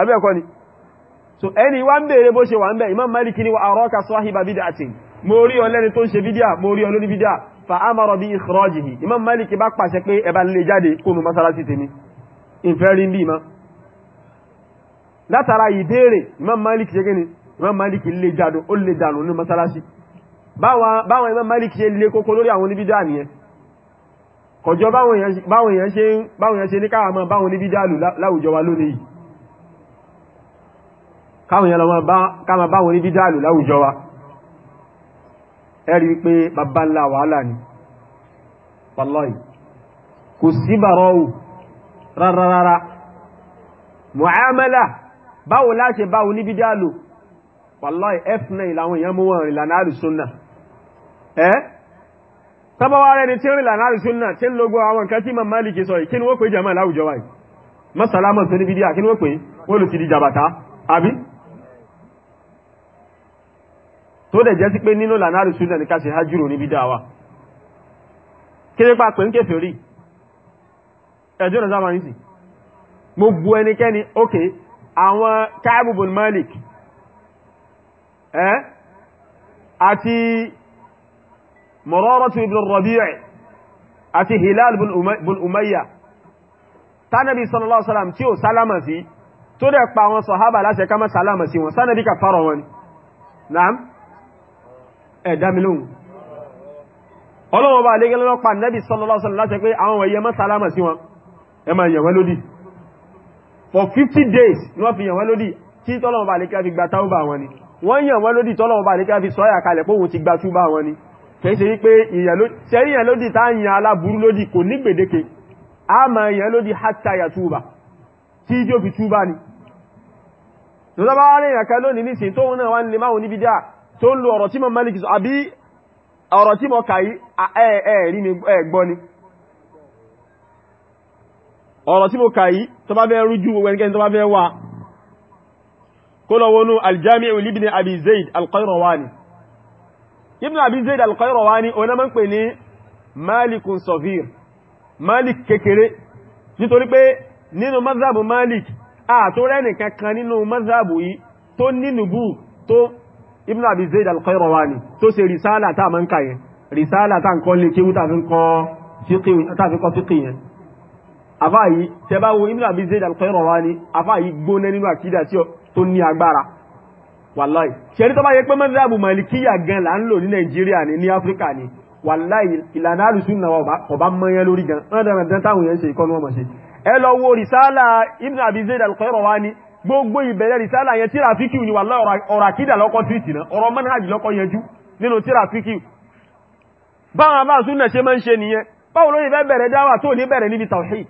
àbẹ́ẹ̀kọ́ ni so ẹni wá ń bèèrè bó ṣe wà ń bẹ̀ imam maliki ni wa arọ́ka sọ́hìbà bídá àti mo rí ọlẹ́ni tó ń ṣe bídá mo rí bídá fa amara bí ìṣọ́jìhì imam maliki bá pàṣẹ pé ẹba lè jáde kónú masalasi tèmi ìfẹ́rin bí ma látara ìbéèrè imam maliki ṣe gẹ́ni imam maliki lè jáde ó lè dànù ní masalasi báwọn imam maliki ṣe lè kókó lórí àwọn oníbídá nìyẹn kọjọ báwọn èèyàn ṣe ní káwàmọ́ báwọn oníbídá lù láwùjọ wa lónìí yìí káwọn yẹn lọ káàmà báwọn ní dídàlù láwùjọ wa ẹ̀rí wípé bàbá ńlá wàhálà ni wallahi kò sí bàrọ̀wù rárára mu'amala báwo láṣẹ báwo ní dídàlù wallahi f9 láwọn èèyàn mú wọn rìn lànà àrùsúnnà ẹ́ sábáwá rẹ̀ ni tí ń rìn lànà àrùsúnnà tí ń lógún àwọn nǹkan tí ma Málíkì sọ yìí kí ni wọ́n pè jẹ́ mọ́ láwùjọ wáyìí mọ́sàlámọ̀ tó ní bídíà kí ni wọ́n pè wọ́n lò ti di jàbàtá àbí tó dẹ̀ jẹ́ sí pé nínú lànà àrùsùnà ní ká ṣe hajjúrò níbi dáwà kérépa pè ń kéfè rí ẹjọ́ rẹ̀ sáwọn ìsìn gbogbo ẹnikẹ́ni ókè àwọn káàbùbùn Malik ẹ́ àti Muraratu ibn Rabi' àti Hilal ibn Umayya tánàbí sallallahu alaihi ẹ̀dámilóhùn ọlọ́wọ́ bá lé gẹ́lọ́pàá nẹ́bí sọlọ́lọ́sọlọ́ láti pé àwọn ẹ̀yẹ mọ́ sálámà sí wọn ẹ ma lódì for 50 days ni wọ́n fi yẹ̀wẹ́ lódì tí tọ́lọ́wọ́ bá lé kẹ́ fi gba táúbà wọn ni wọ́n yẹ̀wẹ́ lódì tọ́lọ́wọ́ bá lé fi sọ́yà kalẹ̀ póhun ti gba túbà wọn ni kẹ́sẹ̀ tó ń lo ọ̀rọ̀ tí mọ̀ Malik àbí ọ̀rọ̀ tí mọ̀ kàí ẹ̀ẹ̀rí mi gbọ́ ni ọ̀rọ̀ tí mọ̀ kàí tó bá bẹ́ rújú wẹ́nkẹ́ tó bá bẹ́ wà kó lọ wọnú aljami'u libni abi zaid alqairawani ibn abi zaid alqairawani ọ̀nà mọ́ ń pè ní malik kékeré nítorí pé nínú mazhabu malik a tó rẹ́nìkan kan nínú mazhabu yìí tó nínú bú ibn abi zayd al-qayrawani tó ṣe risala tá máa ń kà yẹn risala tá nǹkan lè kéwú tá fi kọ́ fíkì yẹn àfáà yìí tẹ bá wo ibn abi zayd al-qayrawani àfáà yìí gbóná nínú àkídà tí ó ní agbára wàláì ṣẹ́rí tó bá yẹ pé mẹ́dàbù màlìkíyà gan là ń lò ní nàìjíríà ní ní áfíríkà ni wàláì ìlànà àlùsùnà ọba mọ́yẹ lórí gan ọ́nà dáadáa táwọn yẹn ṣe ìkọ́nù ọmọ ṣe ẹ lọ wo risala ibn abi zayd al-qayrawani gbogbo ìbẹ̀rẹ̀ rìsálà yẹn tírafíkì ni wà lọ́rọ̀ àkídà lọ́kọ́ tírìtì náà ọ̀rọ̀ manhajì lọ́kọ́ yẹjú nínú tírafíkì báwọn àbá súnà ṣe máa ń ṣe nìyẹn báwo ló ìfẹ́ bẹ̀rẹ̀ dáwà tó ní bẹ̀rẹ̀ níbi tawhid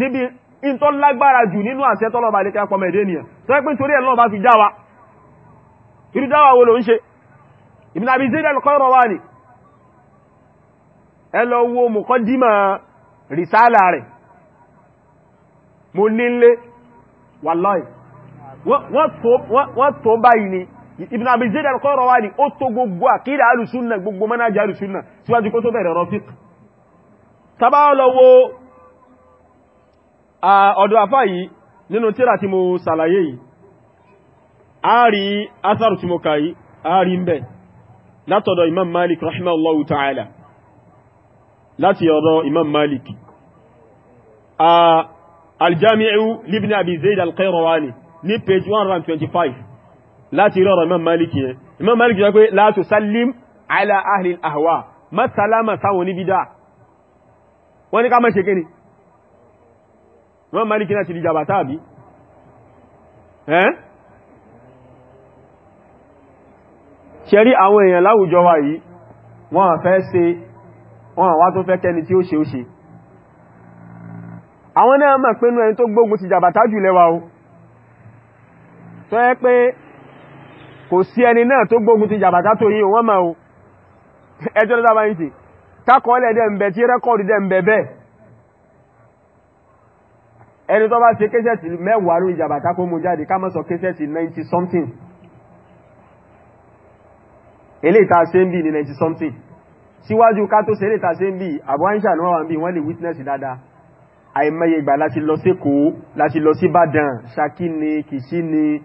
níbi in tó lágbára jù nínú àṣẹ tọ́lọ́ba lè kápọ̀ mẹ́dé nìyẹn tó ẹ́ pín torí ẹ̀ lọ́ba fi dáwà wallahi wọ́n tó báyìí ni Ibn Abi Zayd al-Qayrawani ó tó gbogbo àkídà alùsùnà gbogbo mọ́nájà alùsùnà síwájú kó tó bẹ̀rẹ̀ rọ́fík tàbá lọ́wọ́ ọ̀dọ̀ àfá yìí nínú tíra tí mo sàlàyé yìí a rí asaru tí Abi Zayd al-Qayrawani ní page 125 láti rọrọ̀ Imam Malik yẹn Imam Malik yẹn pé la tusallim ala ahli al-ahwa salama sáwọn ní bídá wọ́n ní ká mọ́ ṣe kí ni Imam Malik náà ti di jàbá tàbí ẹ́n ṣẹ́rí àwọn èèyàn láwùjọ wa yìí wọ́n fẹ́ ṣe wọ́n wá tó fẹ́ kẹni tí ó ṣe ó ṣe àwọn náà mọ̀ pé nú ẹni tó gbógun ti jàbá tájù lẹ́wà o tó yẹ pé kò sí ẹni náà tó gbógun ti jàbàtà tó yí wọ́n máa o ẹjọ́ tó dábàá yìí ti tákọọ́lẹ̀ dẹ̀ ń bẹ tí rẹ́kọ́ọ̀dù dẹ̀ ń bẹ bẹ́ẹ̀ ẹni tó bá ṣe kéṣẹ́sì mẹ́wàá lórí jàbàtà kó mú jáde ká má sọ kéṣẹ́sì something eléyìí tá a ṣe something síwájú ká tó ṣe eléyìí tá a ṣe ń bì àbúrò àìsàn ni wọ́n wà ń bì ìgbà láti lọ sí Èkó láti lọ sí Ìbàdàn Ṣakí ni Kìṣí ni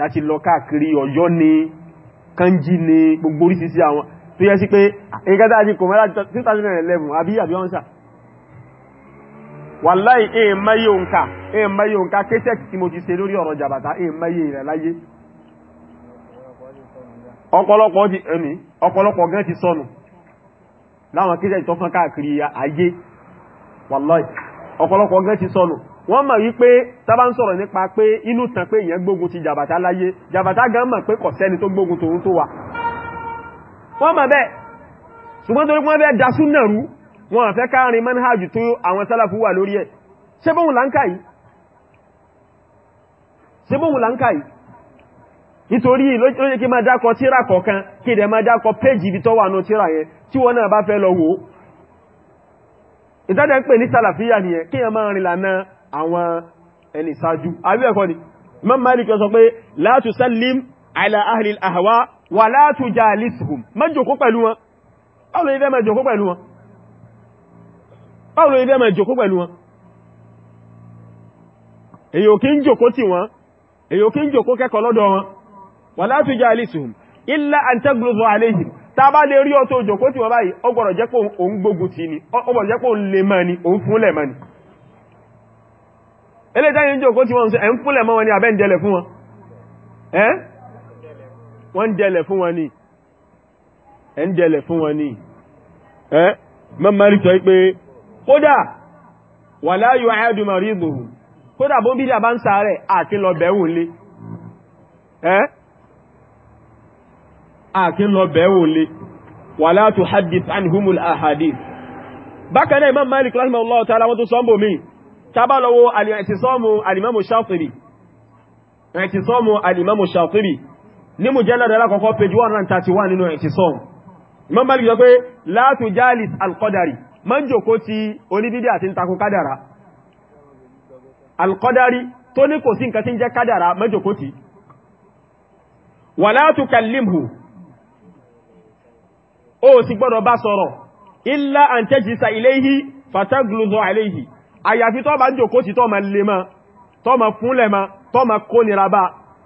láti lọ káàkiri ọ̀yọ́ ni kanji ni gbogbo orísìsí àwọn tó yẹ sí pé ẹgbẹ́ta àti kòmọ́lá 2011 àbí àbí ọ́nsà wàláì èèyàn mẹ́yẹ òǹkà èèyàn mẹ́yẹ òǹkà kéṣẹ́kì tí mo ti ṣe lórí ọ̀rọ̀ jàbàtà èèyàn ti ọ̀pọ̀lọpọ̀ gan ti sọnù wọ́n mọ̀ wípé tábá ń sọ̀rọ̀ nípa pé inú tàn pé èèyàn gbógun ti jàbàtà láyé jàbàtà gan mọ̀ pé kọ̀sẹ́ni tó gbógun tòun tó wà wọ́n mọ̀ bẹ́ẹ̀ ṣùgbọ́n torí wọ́n fẹ́ dasú náà rú wọn fẹ́ káàrin manhajù tó àwọn sálàfú wà lórí ẹ̀ ṣe bóhun láńkàí ṣe bóhun láńkàí nítorí lóye kí máa dákọ tíra kọ̀ọ̀kan kí dẹ̀ máa dákọ péjì ibi tó wà ní tíra yẹn tí wọ́n náà bá fẹ́ lọ wò ìtàdẹ̀ ń pè ní sàlàfíyà nìyẹn kí ẹ máa rìn lànà àwọn ẹni sáájú àbí ẹ̀kọ́ ni Imam Malik sọ pé la tusallim ala ahli al-ahwa wa la tujalisuhum má jókòó pẹ̀lú wọn báwo ló fẹ́ máa jókòó pẹ̀lú wọn báwo ló fẹ́ máa jókòó pẹ̀lú wọn èyí ò kí ń jókòó tì wọ́n èyí ò kí ń jókòó kẹ́kọ̀ọ́ lọ́dọ̀ wọn wa la tujalisuhum illa an tagluzu alayhim tá bá lè rí ọ tó jókòó tì wọ́n báyìí ó jẹ́ pé òun gbógun ti ni ó jẹ́ pé òun lè máa òun fúnlẹ̀ máa eléjáyé ń jò kó tí wọ́n ń fúnlẹ̀ mọ́ wọn ni àbẹ́ ń jẹlẹ̀ fún wọn ẹ́ wọ́n jẹlẹ̀ fún wọn ni ẹ̀ ń jẹlẹ̀ fún wọn ni ẹ́ mọ́mọ́rí sọ pé kódà wà láyò ayádùmọ̀ rí ìgbòhùn kódà bó bídà bá ń sàárẹ̀ àti lọ bẹ̀wò lé ẹ́ àti lọ bẹ̀wò lé wà látò hadith anhumul ahadith bákan náà imam malik rahimahullah ta'ala wọ́n tó sọ́mbò míì tábàlọ́wọ́ al-i'tisamu al-imam Shatibi i'tisamu al-imam Shatibi ní mujallad alákọ̀ọ́kọ́ page 131 nínú i'tisam Imam Malik sọ pé la tujalis al-qadari mọ́jòkó ti onídídí àti ń takò kádàrá al-qadari tó ní kò sí nǹkan tí ń jẹ́ kádàrá mọ́jòkó ti wala tukallimhu ó sì gbọ́dọ̀ bá sọ̀rọ̀ illa an tajlisa ilayhi fatagluzu alayhi àyàfi tó bá ń jòkó tí tó ma lè ma tó ma fúnlẹ̀ ma tó ma kó nira bá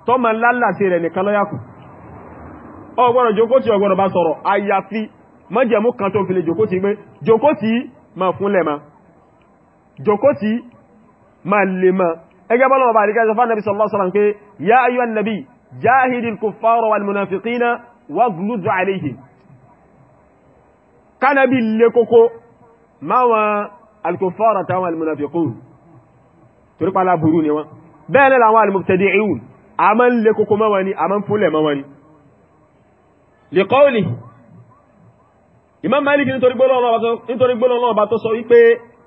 tó ma lálàsí rẹ̀ nìkan lọ́yàkù ó gbọ́dọ̀ jòkó tí ó gbọ́dọ̀ bá sọ̀rọ̀ àyàfi májẹ̀mú kan tó fi lè jòkó tí pé jòkó tí ma fúnlẹ̀ ma jòkó tí ma lè ma ẹgẹ́ bọ́lọ̀ ya ayyuhan nabi jahidil kuffara wal munafiqina waghluz alaihim kanabi le koko máwọn alkùfàrà táwọn alìmùnàfikún torí pàlá burú ni wọ́n bẹ́ẹ̀ ni láwọn alìmùtẹ̀dẹ̀ẹ́wùn a máa ń lè kókó mọ́ wọn ni a máa ń fúnlẹ̀ mọ́ wọn ni lè kọ́ọ̀lì Imam Malik nítorí gbọ́lọ́lọ́ ọba tó sọ wípé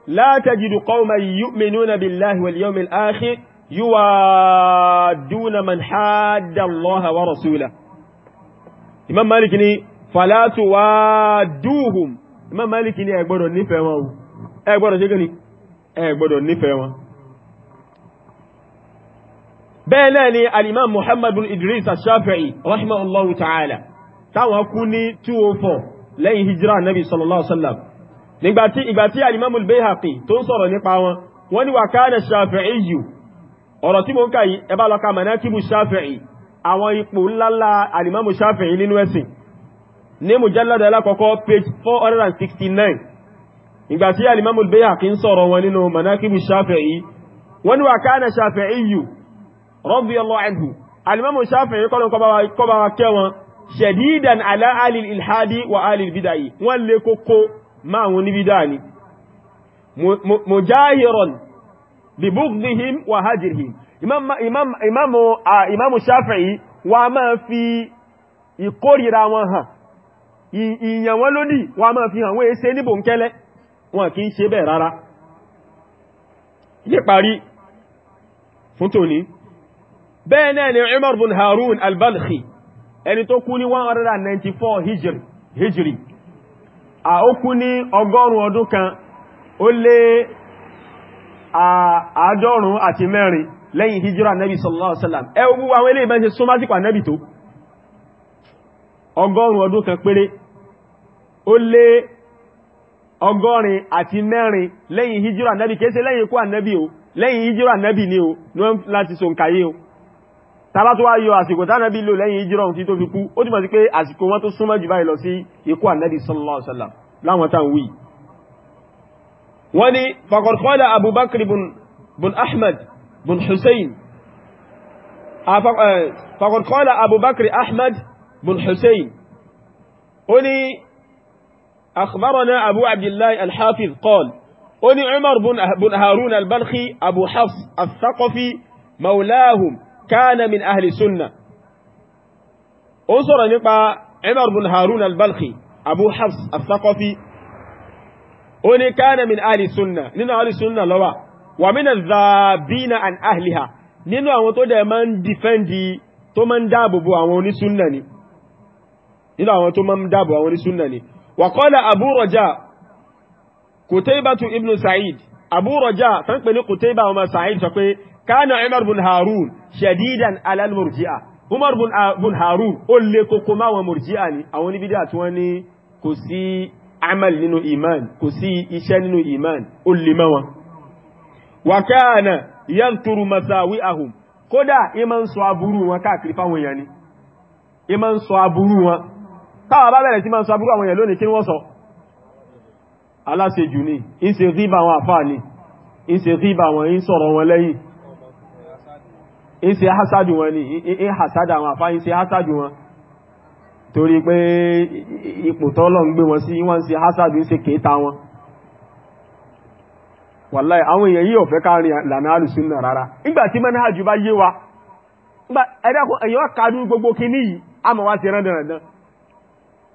la tajidu qawman yu'minuna billahi wal yawmil akhir yuwadduna man hadda Allaha wa rasulahu Imam Malik ni fala tuwadduhum Imam Malik ni ẹ nífẹ̀ẹ́ wọn ẹ gbọ́dọ̀ ṣe kíni ẹ gbọ́dọ̀ nífẹ̀ẹ́ wọn bẹ́ẹ̀ náà ni al-imam muhammad bin idris al-shafi'i rahimahullahu ta'ala táwọn kú ní 204 lẹ́yìn hijira nabi sallallahu alaihi wasallam nígbàtí ìgbàtí al-imam al-bayhaqi tó ń sọ̀rọ̀ nípa wọn wọ́n ní wa kana shafi'i yìí ọ̀rọ̀ tí mo ń kàyí ẹbá lọ́ka manakibu shafi'i àwọn ipò 469 ìgbàtí alimamul bayhaqi ń sọ̀rọ̀ wọn nínú manakibu shafi'i wani wa kana shafi'iyyu radiyallahu anhu alimamul shafi'i kọ́nà kọba wa kẹwọn shadidan ala alil ilhadi wa alil bidayi wọ́n lè kókó ma wọn ní bidá ni mujahiran bi bughdihim wa hajrihim imamu shafi'i wa ma fi ìkórìíra wọn hàn ìyàn wọn kì í ṣe bẹ́ẹ̀ rárá yẹ parí fún tòní bẹ́ẹ̀ náà ni Umar bin Harun al-Balkhi ẹni tó kú ní 194 hijri hijri a ó kú ní ọgọ́rùn ọdún kan ó lé àádọ́rùn àti mẹ́rin lẹ́yìn hijira nabi sallallahu alaihi ẹ ogun ilé ìbẹ́ṣe ọgọ́rùn ọdún kan péré ó lé ọgọ́rin àti mẹ́rin lẹ́yìn hijira nẹ́bì kéèsẹ́ lẹ́yìn ikú ànẹ́bì o lẹ́yìn hijira nẹ́bì ni o ní wọ́n láti so nkàyé o tàbá tó wá yọ àsìkò tánẹ́bì lò lẹ́yìn hijira ohun tí tó fi kú ó túnmọ̀ sí pé àsìkò wọn tó súnmọ́ jù báyìí lọ sí ikú ànẹ́bì sallallahu alaihi Abu Bakr bun Ahmad bun Hussein eh, faqad qala Abu Bakr Ahmad bun Hussein ó أخبرنا أبو عبد الله الحافظ قال أني عمر بن هارون البلخي أبو حفص الثقفي مولاهم كان من أهل السنة أنصر نقع عمر بن هارون البلخي أبو حفص الثقفي أني كان من أهل السنة من أهل السنة لوا ومن الذابين عن أهلها nínú àwọn tó dẹ̀ máa ń dìfẹ́ndì tó máa ń dáàbòbò àwọn onísúnnà ni وقال أبو رجاء قتيبة ابن سعيد أبو رجاء تنقل قتيبة وما سعيد فقال كان عمر بن هارون شديدا على المرجئة عمر بن هارون قل لككما ومرجئة أولي بدأت واني كسي عمل لنو إيمان كسي إشان لنو إيمان قل لموا وكان ينطر مساوئهم kódà ìmọ̀ ń sọ aburú wọn káàkiri fáwọn èèyàn táwà bá bẹ̀rẹ̀ sí máa sọ abúrú àwọn èèyàn lónìí kí wọ́n sọ aláṣejù ní ìṣe ríbà àwọn àfáà ní ìṣe ríbà àwọn ìṣọ̀rọ̀ wọn lẹ́yìn ìṣe hasadu wọn ní ìhasada àwọn àfáà wọn torí pé ipò tọ́lọ̀ ń gbé wọn sí wọ́n ṣe hasadu ìṣe kéta wọn wàláì àwọn èèyàn yìí ò fẹ́ káàrin lànà rárá tí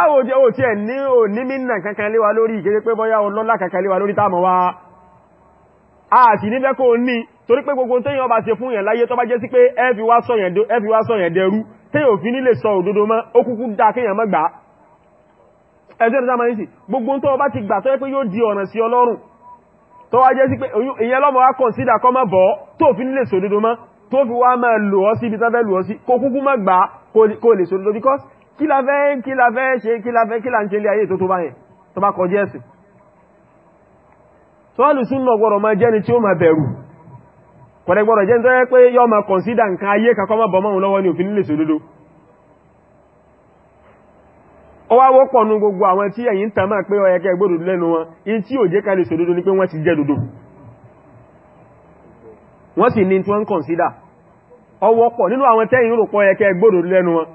táwọn òjẹ́ ò tí ẹ̀ ní ò ní mínà kankan léwa lórí ìkéde pé bọ́yá ọlọ́lá kankan léwa lórí táàmọ̀ wá a sì ní lẹ́kọ́ ní torí pé gbogbo tẹ́yìn ọba ṣe fún yẹn láyé tó bá jẹ́ sí pé ẹ fi wá sọ̀yẹn dẹrú tẹ́yìn òfin nílé sọ òdodo mọ́ ó kúkú dá kéèyàn mọ́ gbà ẹjọ́ ìdájá máa ń sì gbogbo tó ọba ti gbà tó yẹ pé yóò di ọ̀nà sí ọlọ́run tó wá jẹ́ sí pé ìyẹn lọ́mọ wá kọ̀nsídà kọ́ mọ́ bọ́ tó fi nílé sọ òdodo mọ́ tó fi wá máa lò ọ́ sí ibi tábẹ́ lò ọ́ sí kó kúkú mọ́ gbà kó lè sọ òdodo because kí la fẹ́ kí la fẹ́ ṣe kí la fẹ́ kí la ń ṣe lé ayé tó tó bá yẹn tó bá kọjá ẹ̀sìn tó ma lùsùn náà gbọ́rọ̀ máa jẹ́ni tí ó máa bẹ̀rù kọ̀dẹ̀ gbọ́rọ̀ jẹ́ni tó yẹ pé yọ́ máa kọ̀nsídà nǹkan ayé kakọ́ máa bọ̀ mọ́ lọ́wọ́ ní òfin nílé sódodo ó dodo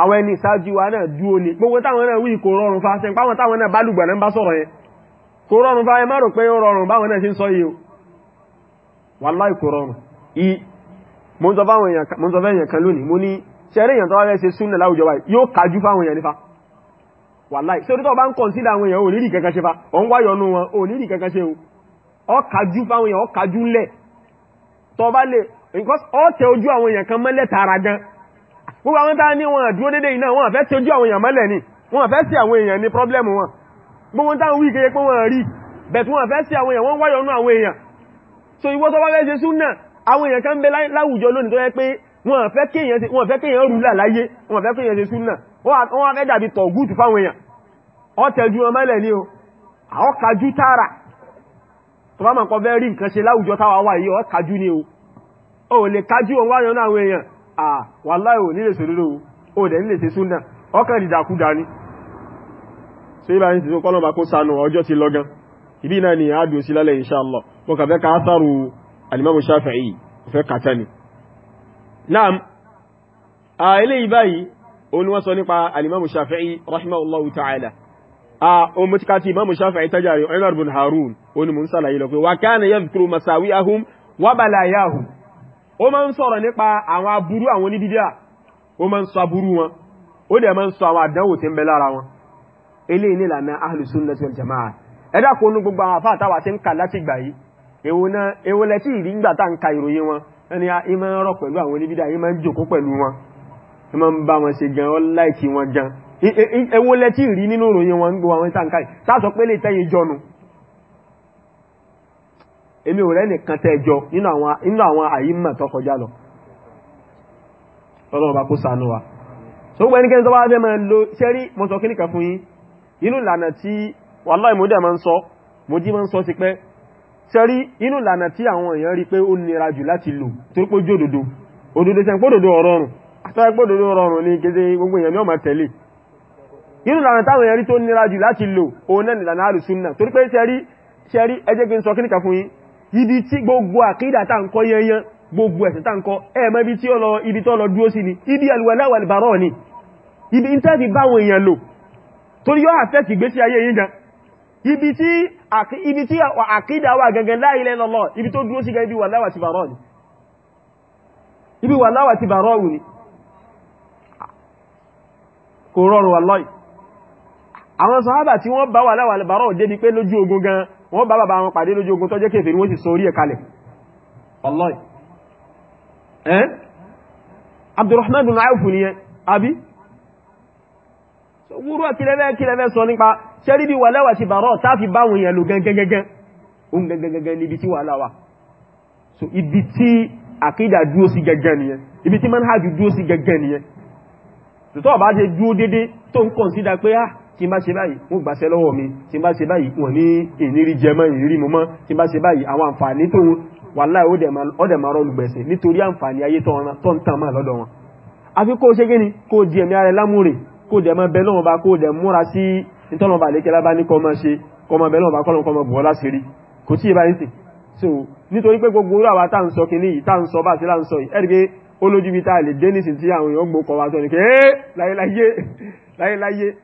àwọn ẹni ìsájú wa náà dúó ní gbogbo táwọn náà wí kò rọrùn fa ṣe páwọn táwọn náà bá lùgbà náà bá sọ̀rọ̀ yẹn kò rọrùn fa ẹ má rò pé ó rọrùn báwọn náà ṣe ń sọ yìí o wàláì kò rọrùn i mo ń sọ fáwọn èèyàn kan lónìí mo ní ṣẹ́rẹ́ èèyàn tó wá fẹ́ ṣe súnà láwùjọ báyìí yóò kájú fáwọn èèyàn nífa wàláì ṣé orítọ́ bá ń kọ̀nsídà o ọ kájú fáwọn èèyàn ọ kájú ńlẹ̀ tọ́ gbogbo àwọn tá ní wọn dúró dédé iná wọn fẹ́ tí ojú àwọn èèyàn mọ́lẹ̀ ni wọn fẹ́ sí àwọn èèyàn ní problem wọn gbogbo tá ń wí kéye pé wọn rí bẹ̀t wọn fẹ́ sí àwọn èèyàn wọ́n wáyọ̀ nú àwọn èèyàn so ìwọ tó bá fẹ́ ṣe súnà àwọn èèyàn kan bẹ láwùjọ lónìí tó yẹ pé wọn fẹ́ kéèyàn rúlà láyé wọn fẹ́ kéèyàn ṣe súnà wọn fẹ́ dàbí tọ̀gúùtù fáwọn èèyàn ọ tẹ̀jú wọn mọ́lẹ̀ ni o àwọn kájú tààrà tó bá mọ̀ kọ́ fẹ́ rí nǹkan ṣe láwùjọ táwa wà yìí ọ kájú ni o ò lè kájú òun wáyọ̀ nú àwọn èèyàn à wàláhì ò nílè sòdodo ó dẹ̀ nílè ṣe súnà ọkàn ìdàkúdà ni so ibà ní sísun kọ́lọ̀bà kó sánú ọjọ́ ti lọ́gán ibi náà ni àádùn sí lálẹ́ inṣáàlọ́ mo kàfẹ́ ká sárù ta'ala a omo imamu Shafi'i tajari Umar bin Harun òun mun sàlàyé lọ pé wa kana yadhkuru masawiyahum wa balayahum ó máa ń sọ̀rọ̀ nípa àwọn aburú àwọn oníbídíà ó máa ń sọ aburú wọn ó dẹ̀ máa ń sọ àwọn àdánwò tí ń bẹ lára wọn eléyìí ni ìlànà ahlu sunnah wal jamaa'ah gbogbo àwọn àfáà táwa ti ń kà láti gbà yìí iri náà èwo lẹ́tí ìrí ńgbà ń ka ìròyìn wọn ah, ẹni èmi ò rẹ́ nìkan tẹ́jọ nínú àwọn àyímọ̀ tó kọjá lọ ọlọ́run bá kó ṣàánú wa so gbẹ́ níkẹ́ sọ́wọ́ adẹ́ máa lo ṣẹ́rí mo sọ kíníkà fún yín inú ìlànà tí wàláì mo dẹ̀ máa ń sọ mo jí máa ń sọ sí pé ṣẹ́rí inú ìlànà tí àwọn èèyàn rí pé ó nira jù láti lò torí pé jó òdodo òdodo ṣe ń pọ́ òdodo ọ̀rọ̀rùn àtọ́wẹ́ pọ́ òdodo ọ̀rọ̀rùn ní kéde gbogbo èèyàn ní ọmọ tẹ̀lé inú ìlànà táwọn èèyàn rí tó nira jù láti lò òun náà nìlànà àrùsùn náà torí pé ṣẹ́rí ṣẹ́rí ẹ jẹ́ sọ kíníkà fún yín ibi tí gbogbo àkídà tá ń kọ́ yẹnyẹn gbogbo ẹ̀sìn tá ń kọ́ ẹ̀mọ́ ibi tí ó lọ ibi tó lọ dúró sí ni ibi alwala wal bara ni ibi intẹ́ẹ̀tì báwọn èèyàn lò torí yóò affect ìgbésí ayé yìí gan ibi tí àkídà wà gangan la ilaha illallah ibi tó dúró sí gan ibi wàláwà ti bara ni ibi wàláwà ti wọ́n bá bàbá wọn pàdé lójú ogun tó jẹ́ kèfèrí wọ́n sì sọ orí ẹ̀ kalẹ̀ wallahi ẹ́n Abdurrahman bin Auf ni yẹn àbí wúrú kílẹ̀fẹ́ kílẹ̀fẹ́ sọ nípa ṣẹ́rí bí wàláwà ti bàrọ̀ táàfi báwọn yẹn lò gẹ́gẹ́gẹ́gẹ́ ohun gẹ́gẹ́gẹ́gẹ́ níbi tí wàláwà so ibi tí àkídà dúó sí gẹ́gẹ́ nìyẹn ibi tí manhajù dúó sí gẹ́gẹ́ nìyẹn tó bá ṣe dúó dédé tó ń kọ̀nsídà pé ah tí bá ṣe báyìí wọ́n gbàṣẹ lọ́wọ́ mi tí bá ṣe báyìí wọ́n ní ìnírí jẹmọ́ ìrírí mọ́mọ́ tí bá ṣe báyìí àwọn àǹfààní tó wàláhì ó dẹ̀ máa rọlù gbẹ̀sẹ̀ nítorí àǹfààní ayé tó ń tàn máa lọ́dọ̀ wọn àfi kó ṣe gíní kó di ẹ̀mí ara lámúrè kó dẹ̀ mọ́ bẹ́lọ́wọ́ bá kó dẹ̀ múra sí ìtọ́lọ́ba àlékẹ́lá bá ní kọ́mọ ṣe kọ́mọ bẹ́lọ́wọ́ bá kọ́lọ́ kọ́mọ bùọ́lá sí rí kò tí ì bá ń sìn so nítorí pé gbogbo orú àwa tá ń sọ kìíní yìí tá ń sọ bá sí láǹsọ yìí ẹ̀rí pé olójú bíi tá a lè dé nísìnyí àwọn èèyàn gbó kọ wa sọ ni pé ẹ́ láyéláyé láyéláyé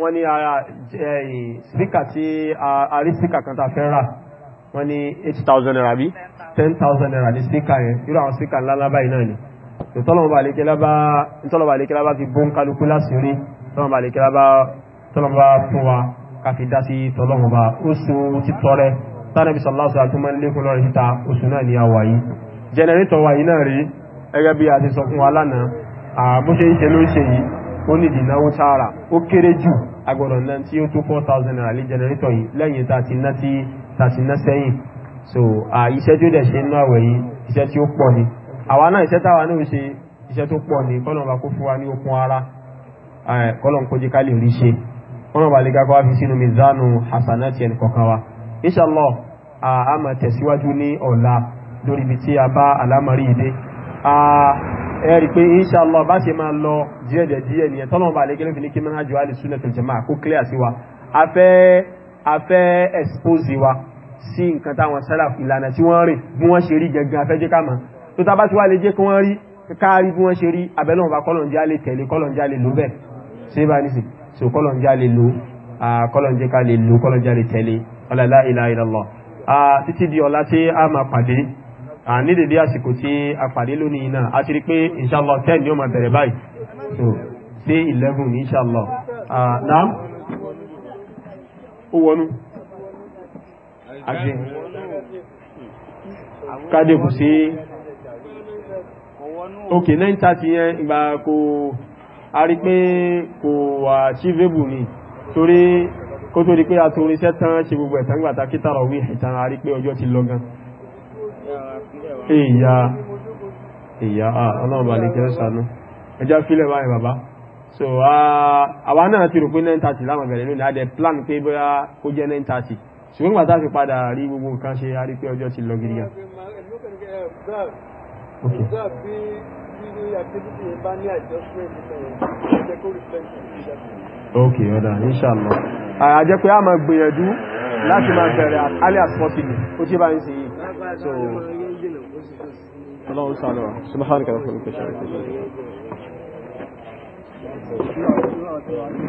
wọ́n ní ara ah, eh, síkà tí a rí síkà kan ta fẹ́ rà wọ́n ní 8,000 naira bí 10,000 naira ní síkà yẹn irú àwọn síkà ńláńlá báyìí náà ni ìtọ́lọ̀mọba àlékẹ́lá bá fi bọ́n kálukú láṣìírí tọ́lọ̀mọba àlékẹ́lá bá tọ́lọ̀mọba fún wa káfí dá sí tọ́lọ̀mọba oṣù títọrẹ tánàbí sọláṣọ oṣù ni a wà yìí jẹnẹrétọ̀ wà yìí náà rí ẹgẹ́ a ti sọ fún wa ó ní ìdínáwó tààrà ó kéré jù agbọ̀dọ̀ náà tí ó tó four thousand naira lé jẹnẹrétọ̀ yìí lẹ́yìn tá a ti ná sẹ́yìn so iṣẹ́ tí ó dẹ̀ ṣe nínú àwẹ̀ yìí iṣẹ́ tí ó pọ̀ ni àwa náà iṣẹ́ táwa náà ṣe iṣẹ́ tó pọ̀ ni kọ́nà bá kó fún wa ní okun ara kọ́nà kó jẹ́ ká lè rí ṣe kọ́nà bá lè ká kó wá fi sínú mizanu hasanati ẹnì kọ̀ọ̀kan wa inshallah a máa tẹ̀síwájú ní ọ̀la lórí ibi tí a bá àlámọ̀rí ìdé ẹ̀rí pé inṣàlá bá ṣe máa lọ díẹ̀dẹ̀ díẹ̀ nìyẹn tọ́lọ́mù bá lẹ́gẹ́lẹ́ fi ní kí mẹ́nájú alì súnà tó jẹ̀má kó clear sí wa afẹ́ afẹ́ expose wa sí nǹkan táwọn sálà ìlànà tí wọ́n rìn bí wọ́n ṣe rí gẹ̀gẹ̀ afẹ́ jẹ́ káàmà tó tá bá ti wá lè jẹ́ kí wọ́n rí káàrí bí wọ́n ṣe rí abẹ́lọ́mù bá kọ́lọ̀njá lè tẹ̀lé kọ́lọ̀njá lè lò bẹ́ẹ̀ ṣé bá ní sí so kọ́lọ̀njá lè lò kọ́lọ̀njẹ́ ká lè lò kọ́lọ̀njá lè tẹ̀lé ọlọ́lá ìlà ìlọ́lọ́ títí di ọ̀la tí a máa ní dédé àsìkò tí a pàdé lónìí náà a ti rí pé inshallah 10 ni ó máa bẹ̀rẹ̀ báyìí so sí 11 ní inshallah náà ó wọnú àti káde kù sí ok 9:30 yẹn ìgbà kò a rí pé kò achievable ni torí kó tó rí pé a torí sẹ́tán ṣe gbogbo ẹ̀tàn gbàtà kítàrọ̀ wí ìtàn a rí pé ọjọ́ ti lọ gan ìyá ìyá ah, ọlọ́run bá lè kẹ́ sànú ẹjá fílẹ̀ báyìí bàbá so àwa náà ti rò pé 9:30 láwọn bẹ̀rẹ̀ lónìí adẹ plan pé bóyá kó jẹ́ 9:30 ṣùgbọ́n gbà táfi padà rí gbogbo nǹkan ṣe a rí pé ọjọ́ ti lọ gidi gan ok ọ̀dà inṣàlọ́ a máa gbìyànjú láti máa bẹ̀rẹ̀ alẹ́ àti possible ó tí bá ń ṣe yìí so Allahu sànù wa subhanaka wa ta'ala.